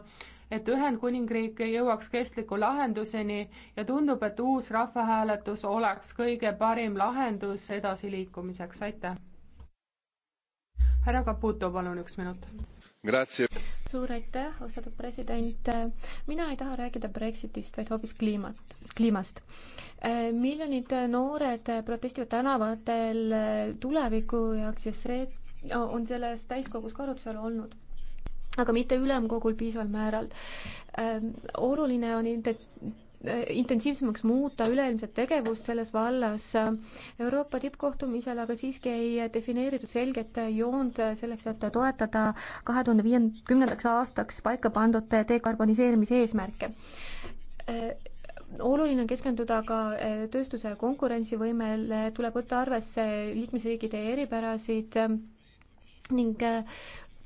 et Ühendkuningriik jõuaks kestliku lahenduseni ja tundub, et uus rahvahääletus oleks kõige parim lahendus edasiliikumiseks, aitäh! härra Caputo, palun üks minut. suur aitäh, austatud president. mina ei taha rääkida Brexitist, vaid hoopis kliimat, kliimast. miljonid noored protestivad tänavatel tuleviku jaoks ja see on selles täiskogus ka arutusel olnud aga mitte ülemkogul piisaval määral. oluline on Äh, intensiivsemaks muuta üleilmset tegevust selles vallas. Euroopa tippkohtumisel aga siiski ei defineeritud selget joont selleks, et toetada kahe tuhande viiekümnendaks aastaks paika pandud dekarboniseerimise eesmärke äh, oluline on keskenduda ka äh, tööstuse konkurentsivõimele, tuleb võtta arvesse liikmesriikide eripärasid ning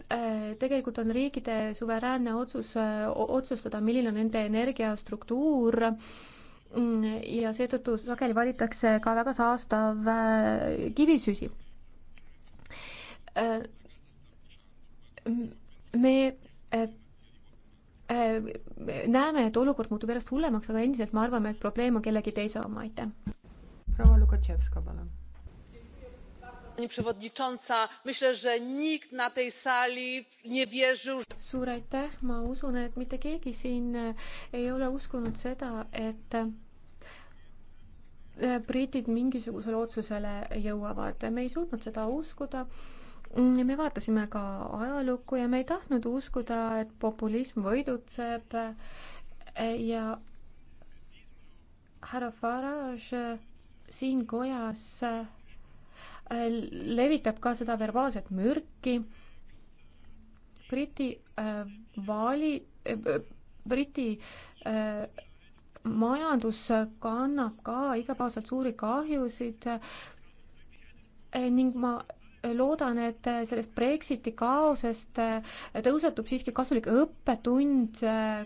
Äh, tegelikult on riikide suveräänne otsus äh, otsustada, milline on nende energiastruktuur mm, ja seetõttu sageli valitakse ka väga saastav äh, kivisüsi. me näeme, et olukord muutub järjest hullemaks, aga endiselt me arvame, et probleem on kellegi teise oma, aitäh. proua Lukatševska, palun pani przewodnicząca! myślę że nikt na tej sali nie wierzył. suur aitäh! ma usun et mitte keegi siin ei ole uskunud seda et äh, britid mingisugusele otsusele jõuavad me ei suutnud seda uskuda me vaatasime ka ajalukku ja me ei tahtnud uskuda et populism võidutseb ja härra farage siin kojas Äh, levitab ka seda verbaalset mürki. Briti äh, vali äh,, Briti äh, majandus kannab ka igapäevaselt suuri kahjusid äh, ning ma loodan, et sellest Brexiti kaosest äh, tõusetub siiski kasulik õppetund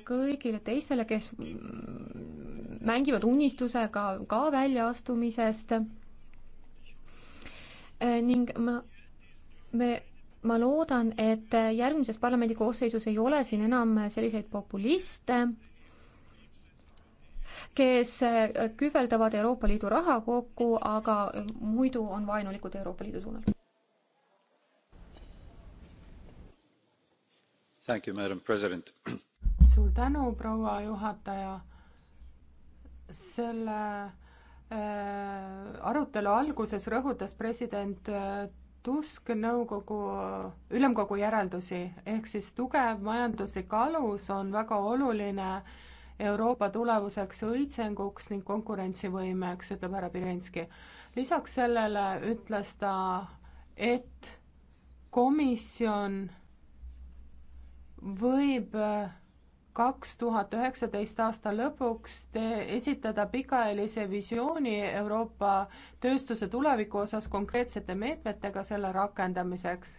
kõigile teistele, kes mm, mängivad unistusega ka väljaastumisest Äh, ning ma, me ma loodan, et järgmises parlamendi koosseisus ei ole siin enam selliseid populiste, kes äh, kühveldavad Euroopa Liidu raha kokku, aga äh, muidu on vaenulikud Euroopa Liidu suunal. suur tänu, proua juhataja, selle Äh, arutelu alguses rõhutas president äh, Tusk nõukogu, ülemkogu järeldusi, ehk siis tugev majanduslik alus on väga oluline Euroopa tulevuseks õitsenguks ning konkurentsivõimeks, ütleb härra Pirinski. lisaks sellele ütles ta, et komisjon võib äh, kaks tuhat üheksateist aasta lõpuks te esitada pikaajalise visiooni Euroopa tööstuse tuleviku osas konkreetsete meetmetega selle rakendamiseks.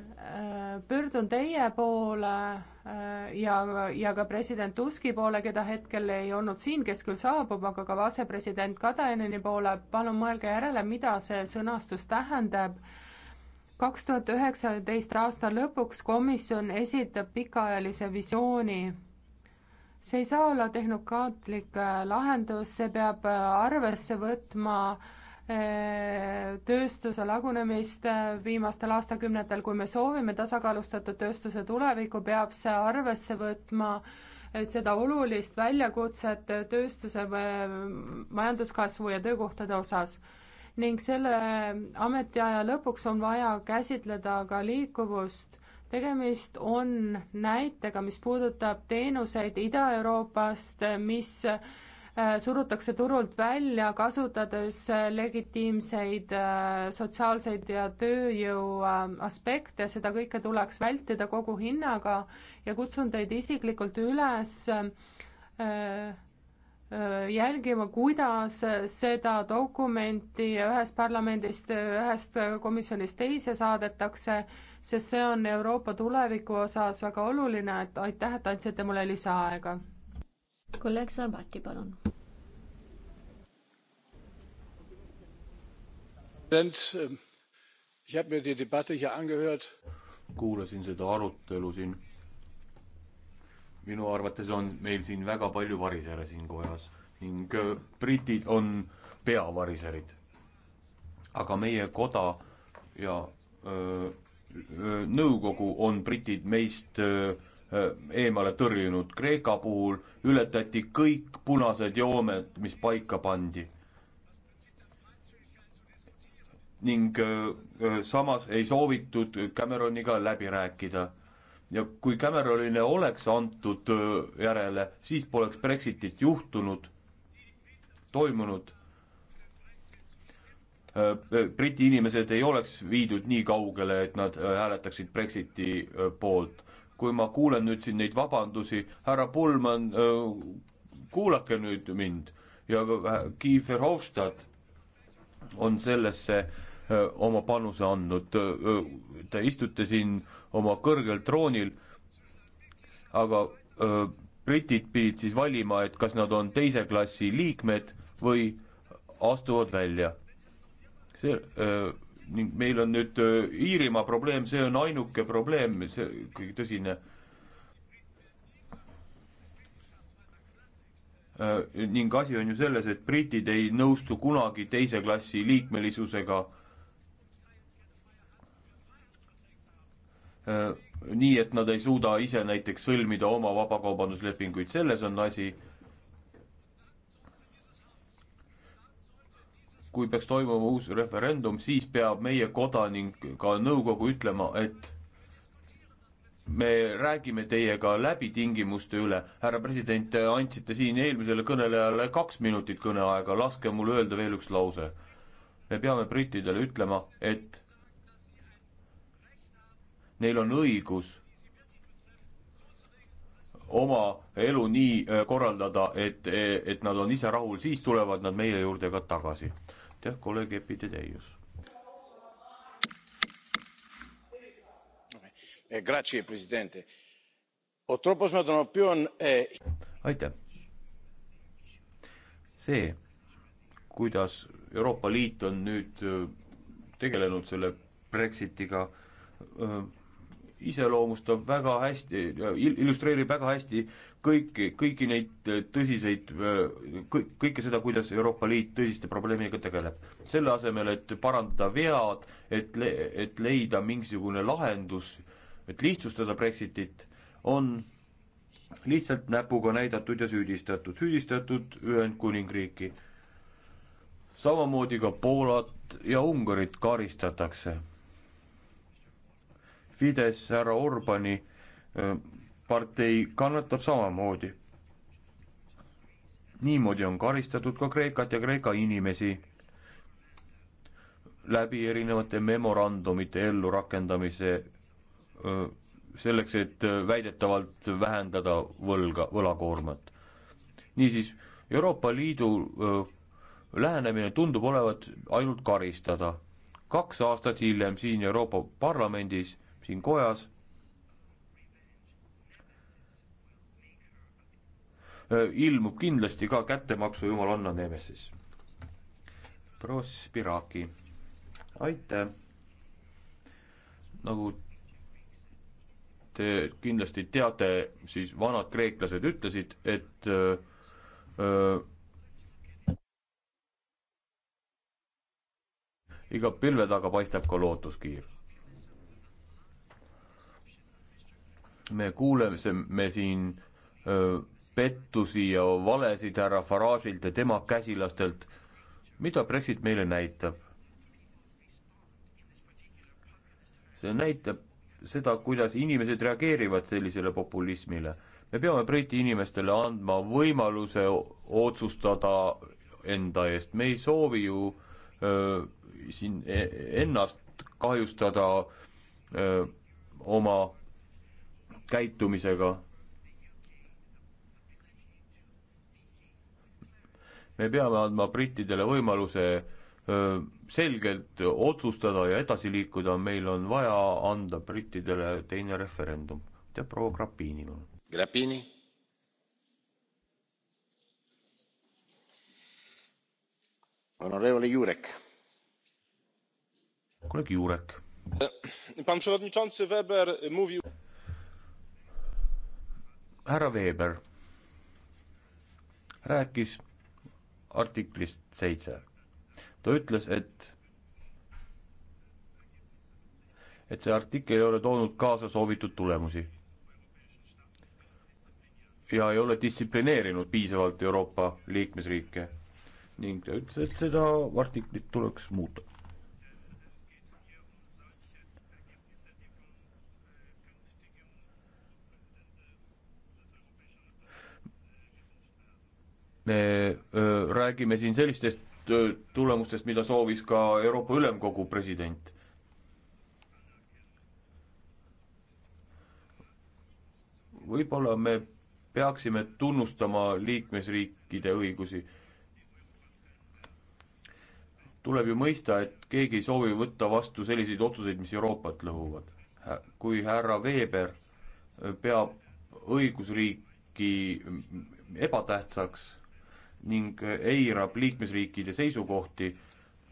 Äh, pöördun teie poole äh, ja, ja ka president Tuski poole, keda hetkel ei olnud siin, kes küll saabub, aga ka asepresident Kataineni poole, palun mõelge järele, mida see sõnastus tähendab kaks tuhat üheksateist aasta lõpuks komisjon esitab pikaajalise visiooni. see ei saa olla tehnokraatlik äh, lahendus, see peab äh, arvesse võtma äh, tööstuse lagunemist viimastel aastakümnetel, kui me soovime tasakaalustatud tööstuse tulevikku, peab see arvesse võtma seda olulist väljakutset tööstuse majanduskasvu ja töökohtade osas ning selle ametiaja lõpuks on vaja käsitleda ka liikuvust. tegemist on näitega, mis puudutab teenuseid Ida-Euroopast, mis äh, surutakse turult välja, kasutades äh, legitiimseid äh, sotsiaalseid ja tööjõu aspekte, seda kõike tuleks vältida kogu hinnaga ja kutsun teid isiklikult üles jälgima, kuidas seda dokumenti ühest parlamendist, ühest komisjonist teise saadetakse, sest see on Euroopa tuleviku osas väga oluline, et aitäh, et andsite mulle lisaaega. kolleeg Sarbati, palun. Ähm, kuulasin seda arutelu siin minu arvates on meil siin väga palju varisere siin kojas ning äh, britid on peavariserid. aga meie koda ja öö, äh, äh, nõukogu on britid meist öö, eemale tõrjunud. Kreeka puhul ületati kõik punased joomed, mis paika pandi. ning öö, samas ei soovitud Cameroniga läbi rääkida ja kui Cameronile oleks antud järele, siis poleks Brexitit juhtunud, toimunud. Briti inimesed ei oleks viidud nii kaugele, et nad hääletaksid Brexiti poolt. kui ma kuulen nüüd siin neid vabandusi, härra Pullman, kuulake nüüd mind ja äh, Guy Verhofstadt on sellesse oma panuse andnud. Te istute siin äh, oma kõrgel troonil, aga öö, britid pidid siis valima, et kas nad on teise klassi liikmed või astuvad välja. see öö, ning meil on nüüd öö, Iirimaa probleem, see on ainuke probleem, see kõige tõsine ning asi on ju selles, et britid ei nõustu kunagi teise klassi liikmelisusega Äh, nii et nad ei suuda ise näiteks sõlmida oma vabakaubanduslepinguid, selles on asi. kui peaks toimuma uus referendum, siis peab meie kodanik ka nõukogu ütlema, et me räägime teiega läbi tingimuste üle. härra president, te andsite siin eelmisele kõnelejale kaks minutit kõneaega, laske mul öelda veel üks lause. me peame brittidele ütlema, et neil on õigus oma elu nii äh, korraldada, et, e, et nad on ise rahul, siis tulevad nad meie juurde ka tagasi. aitäh, kolleeg Epideius. Eh, eh, aitäh. see, kuidas Euroopa Liit on nüüd äh, tegelenud selle Brexitiga, äh, iseloomustab väga hästi, illustreerib väga hästi kõiki, kõiki neid tõsiseid, kõik, kõike seda, kuidas Euroopa Liit tõsiste probleemidega tegeleb. selle asemel, et parandada vead, et le-, et leida mingisugune lahendus, et lihtsustada Brexitit, on lihtsalt näpuga näidatud ja süüdistatud, süüdistatud Ühendkuningriiki. samamoodi ka Poolat ja Ungarit karistatakse Fides, härra Orbani partei kannatab samamoodi. niimoodi on karistatud ka Kreekat ja Kreeka inimesi läbi erinevate memorandumite ellurakendamise, selleks, et väidetavalt vähendada võlga, võlakoormat. niisiis, Euroopa Liidu öö, lähenemine tundub olevat ainult karistada. kaks aastat hiljem siin Euroopa Parlamendis siin kojas. ilmub kindlasti ka kättemaksu jumalanna Nemesis. proua Spiraki, aitäh. nagu te kindlasti teate, siis vanad kreeklased ütlesid, et öö, äh, öö, äh, iga pilve taga paistab ka lootuskiir me kuuleme siin öö, pettusi ja valesid härra Farage'ilt ja tema käsilastelt. mida Brexit meile näitab? see näitab seda, kuidas inimesed reageerivad sellisele populismile. me peame Briti inimestele andma võimaluse otsustada enda eest, me ei soovi ju öö, siin e-, ennast kahjustada öö, oma käitumisega. me peame andma brittidele võimaluse selgelt otsustada ja edasi liikuda, meil on vaja anda brittidele teine referendum. ja proua Grappini, palun. Grappini. Honorevole Jurek. kolleeg Jurek. pan przewodniczący Weber mówił härra Weber rääkis artiklist seitse. ta ütles, et et see artikkel ei ole toonud kaasa soovitud tulemusi. ja ei ole distsiplineerinud piisavalt Euroopa liikmesriike ning ta ütles, et seda artiklit tuleks muuta me öö, räägime siin sellistest öö, tulemustest, mida soovis ka Euroopa Ülemkogu president. võib-olla me peaksime tunnustama liikmesriikide õigusi. tuleb ju mõista, et keegi ei soovi võtta vastu selliseid otsuseid, mis Euroopat lõhuvad. kui härra Weber peab õigusriiki ebatähtsaks ning eirab liikmesriikide seisukohti,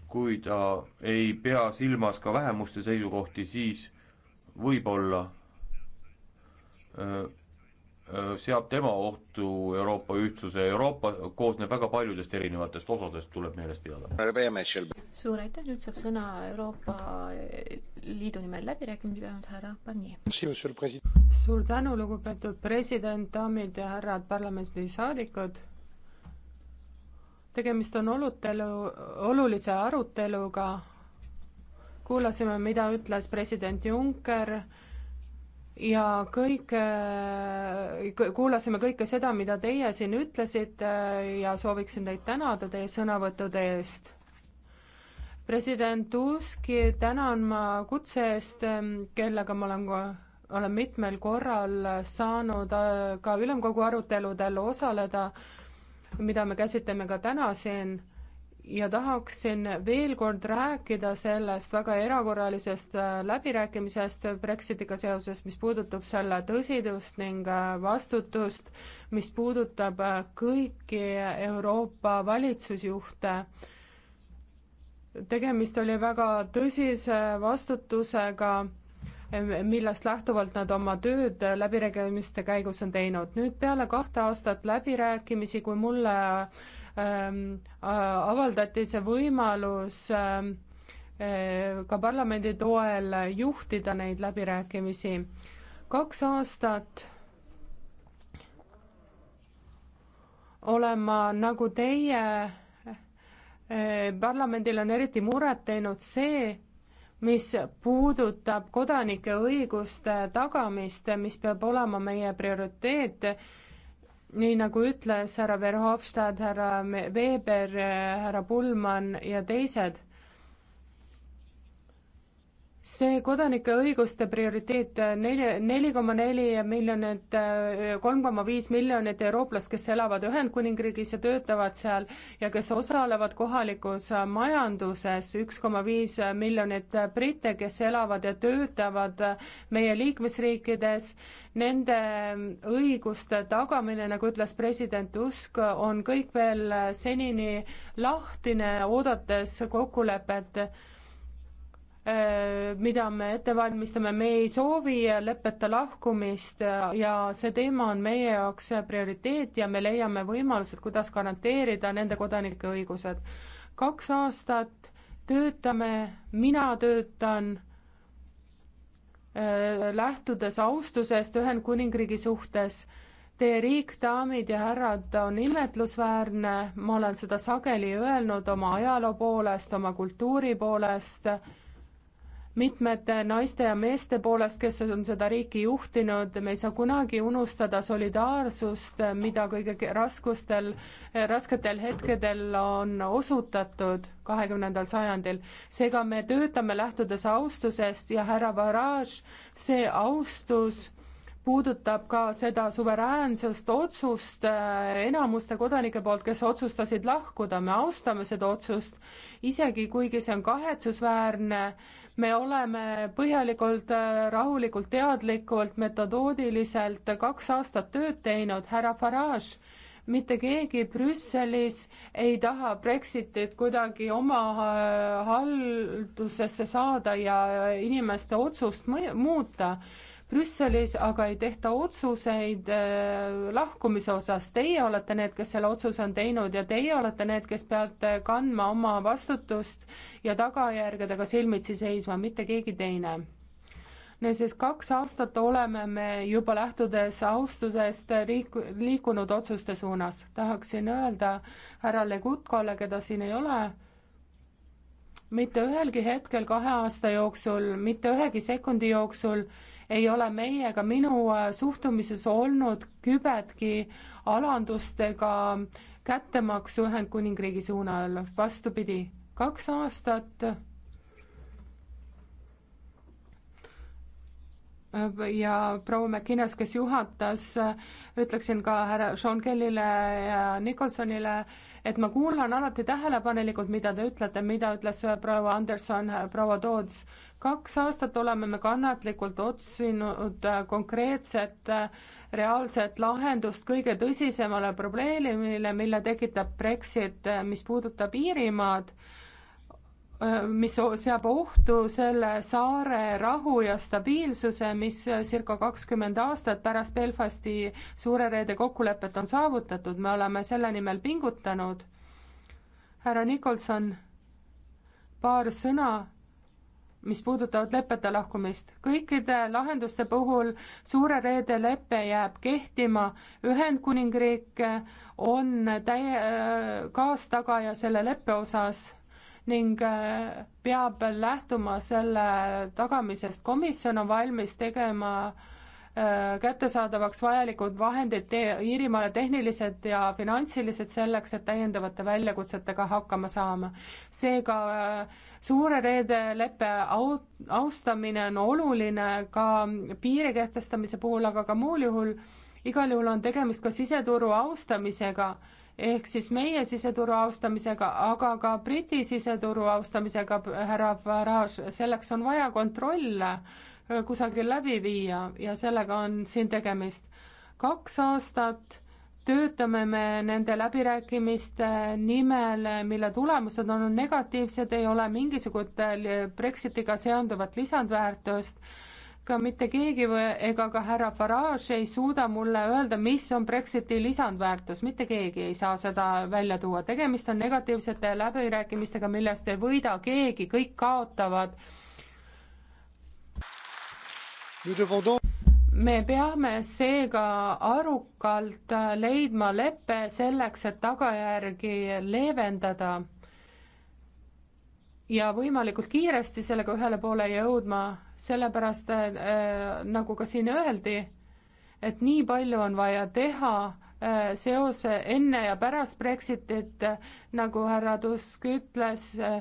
kui ta ei pea silmas ka vähemuste seisukohti, siis võib-olla seab tema ohtu Euroopa ühtsuse, Euroopa koosneb väga paljudest erinevatest osadest, tuleb meeles pidada. suur aitäh, nüüd saab sõna Euroopa Liidu nimel läbirääkimisi pidanud härra Barnier. suur tänu, lugupeetud president, daamid ja härrad parlamendisaadikud tegemist on olutelu, olulise aruteluga. kuulasime, mida ütles president Juncker ja kõik, äh, kuulasime kõike seda, mida teie siin ütlesite ja sooviksin teid tänada teie sõnavõttude eest president Tuski tänan ma kutse eest, ähm, kellega ma olen, olen mitmel korral saanud äh, ka ülemkogu aruteludel osaleda mida me käsitleme ka täna siin ja tahaksin veel kord rääkida sellest väga erakorralisest äh, läbirääkimisest Brexitiga seoses, mis puudutab selle tõsidust ning äh, vastutust, mis puudutab äh, kõiki Euroopa valitsusjuhte. tegemist oli väga tõsise vastutusega millest lähtuvalt nad oma tööd läbirääkimiste käigus on teinud. nüüd peale kahte aastat läbirääkimisi, kui mulle ähm, avaldati see võimalus ähm, äh, ka parlamendi toel juhtida neid läbirääkimisi, kaks aastat olen ma nagu teie äh, parlamendil on eriti muret teinud see, mis puudutab kodanike õiguste tagamist, mis peab olema meie prioriteet, nii nagu ütles härra Verhofstadt, härra Weber, härra Pullmann ja teised see kodanike õiguste prioriteet, neli, neli koma neli miljonit, kolm koma viis miljonit eurooplast, kes elavad Ühendkuningriigis ja töötavad seal ja kes osalevad kohalikus majanduses, üks koma viis miljonit britte, kes elavad ja töötavad meie liikmesriikides, nende õiguste tagamine, nagu ütles president Tusk, on kõik veel senini lahtine, oodates kokkulepet Äh, mida me ette valmistame, me ei soovi leppeta lahkumist ja see teema on meie jaoks prioriteet ja me leiame võimalused, kuidas garanteerida nende kodanike õigused. kaks aastat töötame, mina töötan äh, lähtudes austusest Ühendkuningriigi suhtes Teie riik, daamid ja härrad, on imetlusväärne, ma olen seda sageli öelnud oma ajaloo poolest, oma kultuuri poolest mitmete naiste ja meeste poolest, kes on seda riiki juhtinud, me ei saa kunagi unustada solidaarsust, mida kõige raskustel, rasketel hetkedel on osutatud kahekümnendal sajandil. seega me töötame lähtudes austusest ja härra Farage, see austus puudutab ka seda suveräänsust otsust äh, enamuste kodanike poolt, kes otsustasid lahkuda, me austame seda otsust, isegi kuigi see on kahetsusväärne, me oleme põhjalikult, äh, rahulikult, teadlikult, metodoodiliselt kaks aastat tööd teinud, härra Farage, mitte keegi Brüsselis ei taha Brexitit kuidagi oma äh, haldusesse saada ja äh, inimeste otsust muuta Brüsselis aga ei tehta otsuseid äh, lahkumise osas. Teie olete need, kes selle otsuse on teinud ja teie olete need, kes peate kandma oma vastutust ja tagajärgedega silmitsi seisma, mitte keegi teine. No siis kaks aastat oleme me juba lähtudes austusest riik-, liikunud otsuste suunas. tahaksin öelda härra Legutkole, keda siin ei ole, mitte ühelgi hetkel kahe aasta jooksul, mitte ühegi sekundi jooksul ei ole meie ega minu äh, suhtumises olnud kübetki alandust ega kättemaksu Ühendkuningriigi suunal, vastupidi, kaks aastat äh, ja proua McInnes, kes juhatas, äh, ütleksin ka härra Sean Kellyle ja Nicholsonile, et ma kuulan alati tähelepanelikult, mida te ütlete, mida ütles proua Anderson, proua Toots kaks aastat oleme me kannatlikult otsinud äh, konkreetset äh, reaalset lahendust kõige tõsisemale probleemile, mille tekitab Brexit, äh, mis puudutab Iirimaad, mis seab ohtu selle saare rahu ja stabiilsuse, mis circa kakskümmend aastat pärast Belfasti suure reede kokkulepet on saavutatud, me oleme selle nimel pingutanud. härra Nicholson, paar sõna mis puudutavad lepete lahkumist. kõikide lahenduste puhul Suure Reede lepe jääb kehtima, Ühendkuningriik on täie, äh, kaastagaja selle leppe osas ning äh, peab lähtuma selle tagamisest. komisjon on valmis tegema äh, Äh, kättesaadavaks vajalikud vahendid Iirimaale tehnilised ja finantsilised selleks, et täiendavate väljakutsetega hakkama saama. seega äh, suure reede leppe au-, austamine on oluline ka piiri kehtestamise puhul, aga ka muul juhul, igal juhul on tegemist ka siseturu austamisega ehk siis meie siseturu austamisega, aga ka Briti siseturu austamisega, härra Farage, selleks on vaja kontrolle Äh, kusagil läbi viia ja sellega on siin tegemist. kaks aastat töötame me nende läbirääkimiste nimel, mille tulemused on negatiivsed, ei ole mingisugust äh, Brexitiga seonduvat lisandväärtust, ka mitte keegi või, ega ka härra Farage ei suuda mulle öelda, mis on Brexiti lisandväärtus, mitte keegi ei saa seda välja tuua, tegemist on negatiivsete läbirääkimistega, millest ei võida keegi, kõik kaotavad me peame seega arukalt leidma leppe selleks, et tagajärgi leevendada ja võimalikult kiiresti sellega ühele poole jõudma, sellepärast äh, nagu ka siin öeldi, et nii palju on vaja teha äh, seose enne ja pärast Brexitit äh,, nagu härra Tusk ütles äh,,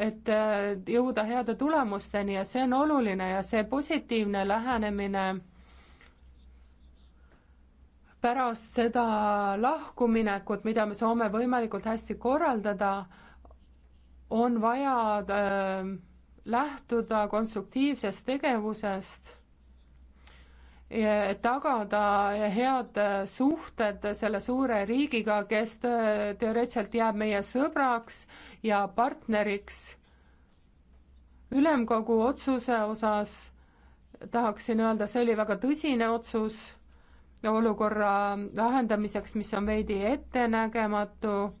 et äh, jõuda heade tulemusteni ja see on oluline ja see positiivne lähenemine pärast seda lahkuminekut, mida me soome võimalikult hästi korraldada, on vaja äh, lähtuda konstruktiivsest tegevusest tagada head suhted selle suure riigiga, kes teoreetiliselt jääb meie sõbraks ja partneriks. ülemkogu otsuse osas tahaksin öelda, see oli väga tõsine otsus olukorra lahendamiseks, mis on veidi ettenägematu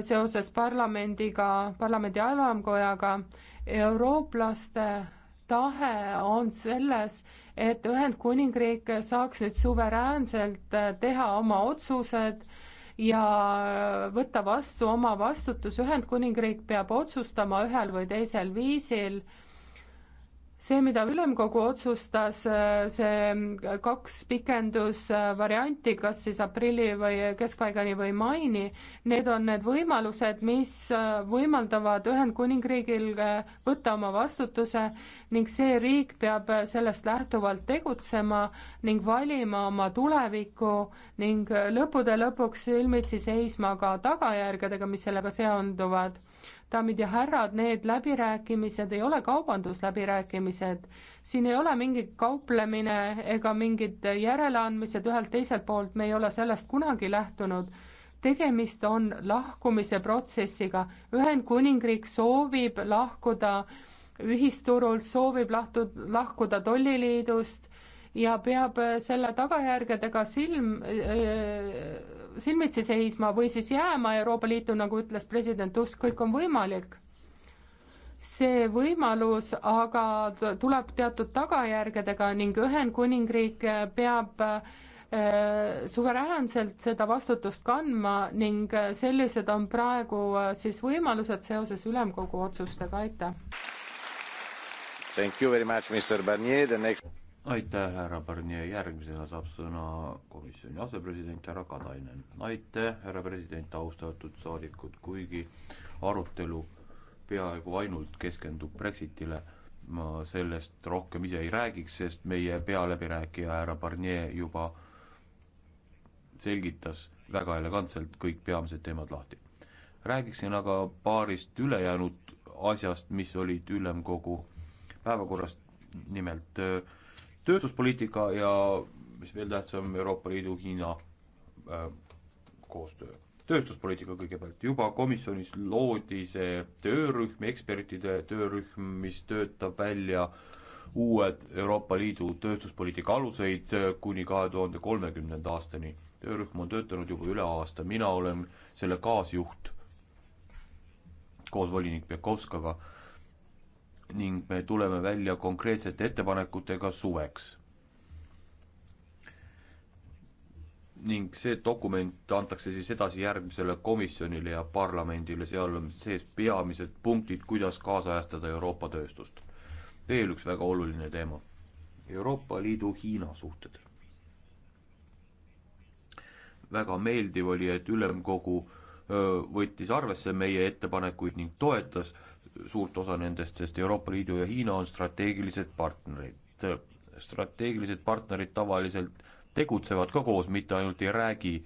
seoses parlamendiga, parlamendi alamkojaga, eurooplaste tahe on selles, et Ühendkuningriik saaks nüüd suveräänselt äh, teha oma otsused ja äh, võtta vastu oma vastutus, Ühendkuningriik peab otsustama ühel või teisel viisil see, mida ülemkogu otsustas, see kaks pikendusvarianti, kas siis aprilli või keskpaigani või maini, need on need võimalused, mis võimaldavad Ühendkuningriigil äh, võtta oma vastutuse ning see riik peab sellest lähtuvalt tegutsema ning valima oma tulevikku ning lõppude lõpuks silmitsi seisma ka tagajärgedega, mis sellega seonduvad daamid ja härrad, need läbirääkimised ei ole kaubandusläbirääkimised. siin ei ole mingit kauplemine ega mingid järeleandmised ühelt teiselt poolt, me ei ole sellest kunagi lähtunud. tegemist on lahkumise protsessiga, Ühendkuningriik soovib lahkuda ühisturult, soovib lahtu, lahkuda tolliliidust ja peab selle tagajärgedega silm äh, silmitsi seisma või siis jääma Euroopa Liitu, nagu ütles president Tusk, kõik on võimalik. see võimalus aga tuleb teatud tagajärgedega ning Ühendkuningriik peab äh, suveräänselt seda vastutust kandma ning sellised on praegu äh, siis võimalused seoses ülemkogu otsustega, aitäh. Thank you very much, Mr Barnier, the next aitäh, härra Barnier, järgmisena saab sõna komisjoni asepresident härra Katainen. aitäh, härra president, austatud saadikud, kuigi arutelu peaaegu ainult keskendub Brexitile, ma sellest rohkem ise ei räägiks, sest meie pealäbirääkija härra Barnier juba selgitas väga elegantselt kõik peamised teemad lahti. räägiksin aga paarist ülejäänud asjast, mis olid ülemkogu päevakorrast, nimelt äh, tööstuspoliitika ja mis veel tähtsam, Euroopa Liidu, Hiina äh, koostöö. tööstuspoliitika kõigepealt, juba komisjonis loodi see töörühm, ekspertide töörühm, mis töötab välja uued Euroopa Liidu tööstuspoliitika aluseid äh, kuni kahe tuhande kolmekümnenda aastani. töörühm on töötanud juba üle aasta, mina olen selle kaasjuht koos volinik Pjakovskaga ning me tuleme välja konkreetsete ettepanekutega suveks. ning see dokument antakse siis edasi järgmisele komisjonile ja parlamendile, seal on sees peamised punktid, kuidas kaasajastada Euroopa tööstust. veel üks väga oluline teema, Euroopa Liidu Hiina suhted. väga meeldiv oli, et ülemkogu võttis arvesse meie ettepanekuid ning toetas äh, suurt osa nendest, sest Euroopa Liidu ja Hiina on strateegilised partnerid. strateegilised partnerid tavaliselt tegutsevad ka koos, mitte ainult ei räägi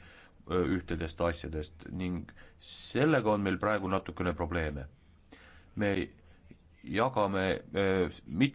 ühtedest asjadest ning sellega on meil praegu natukene probleeme. me jagame mit-,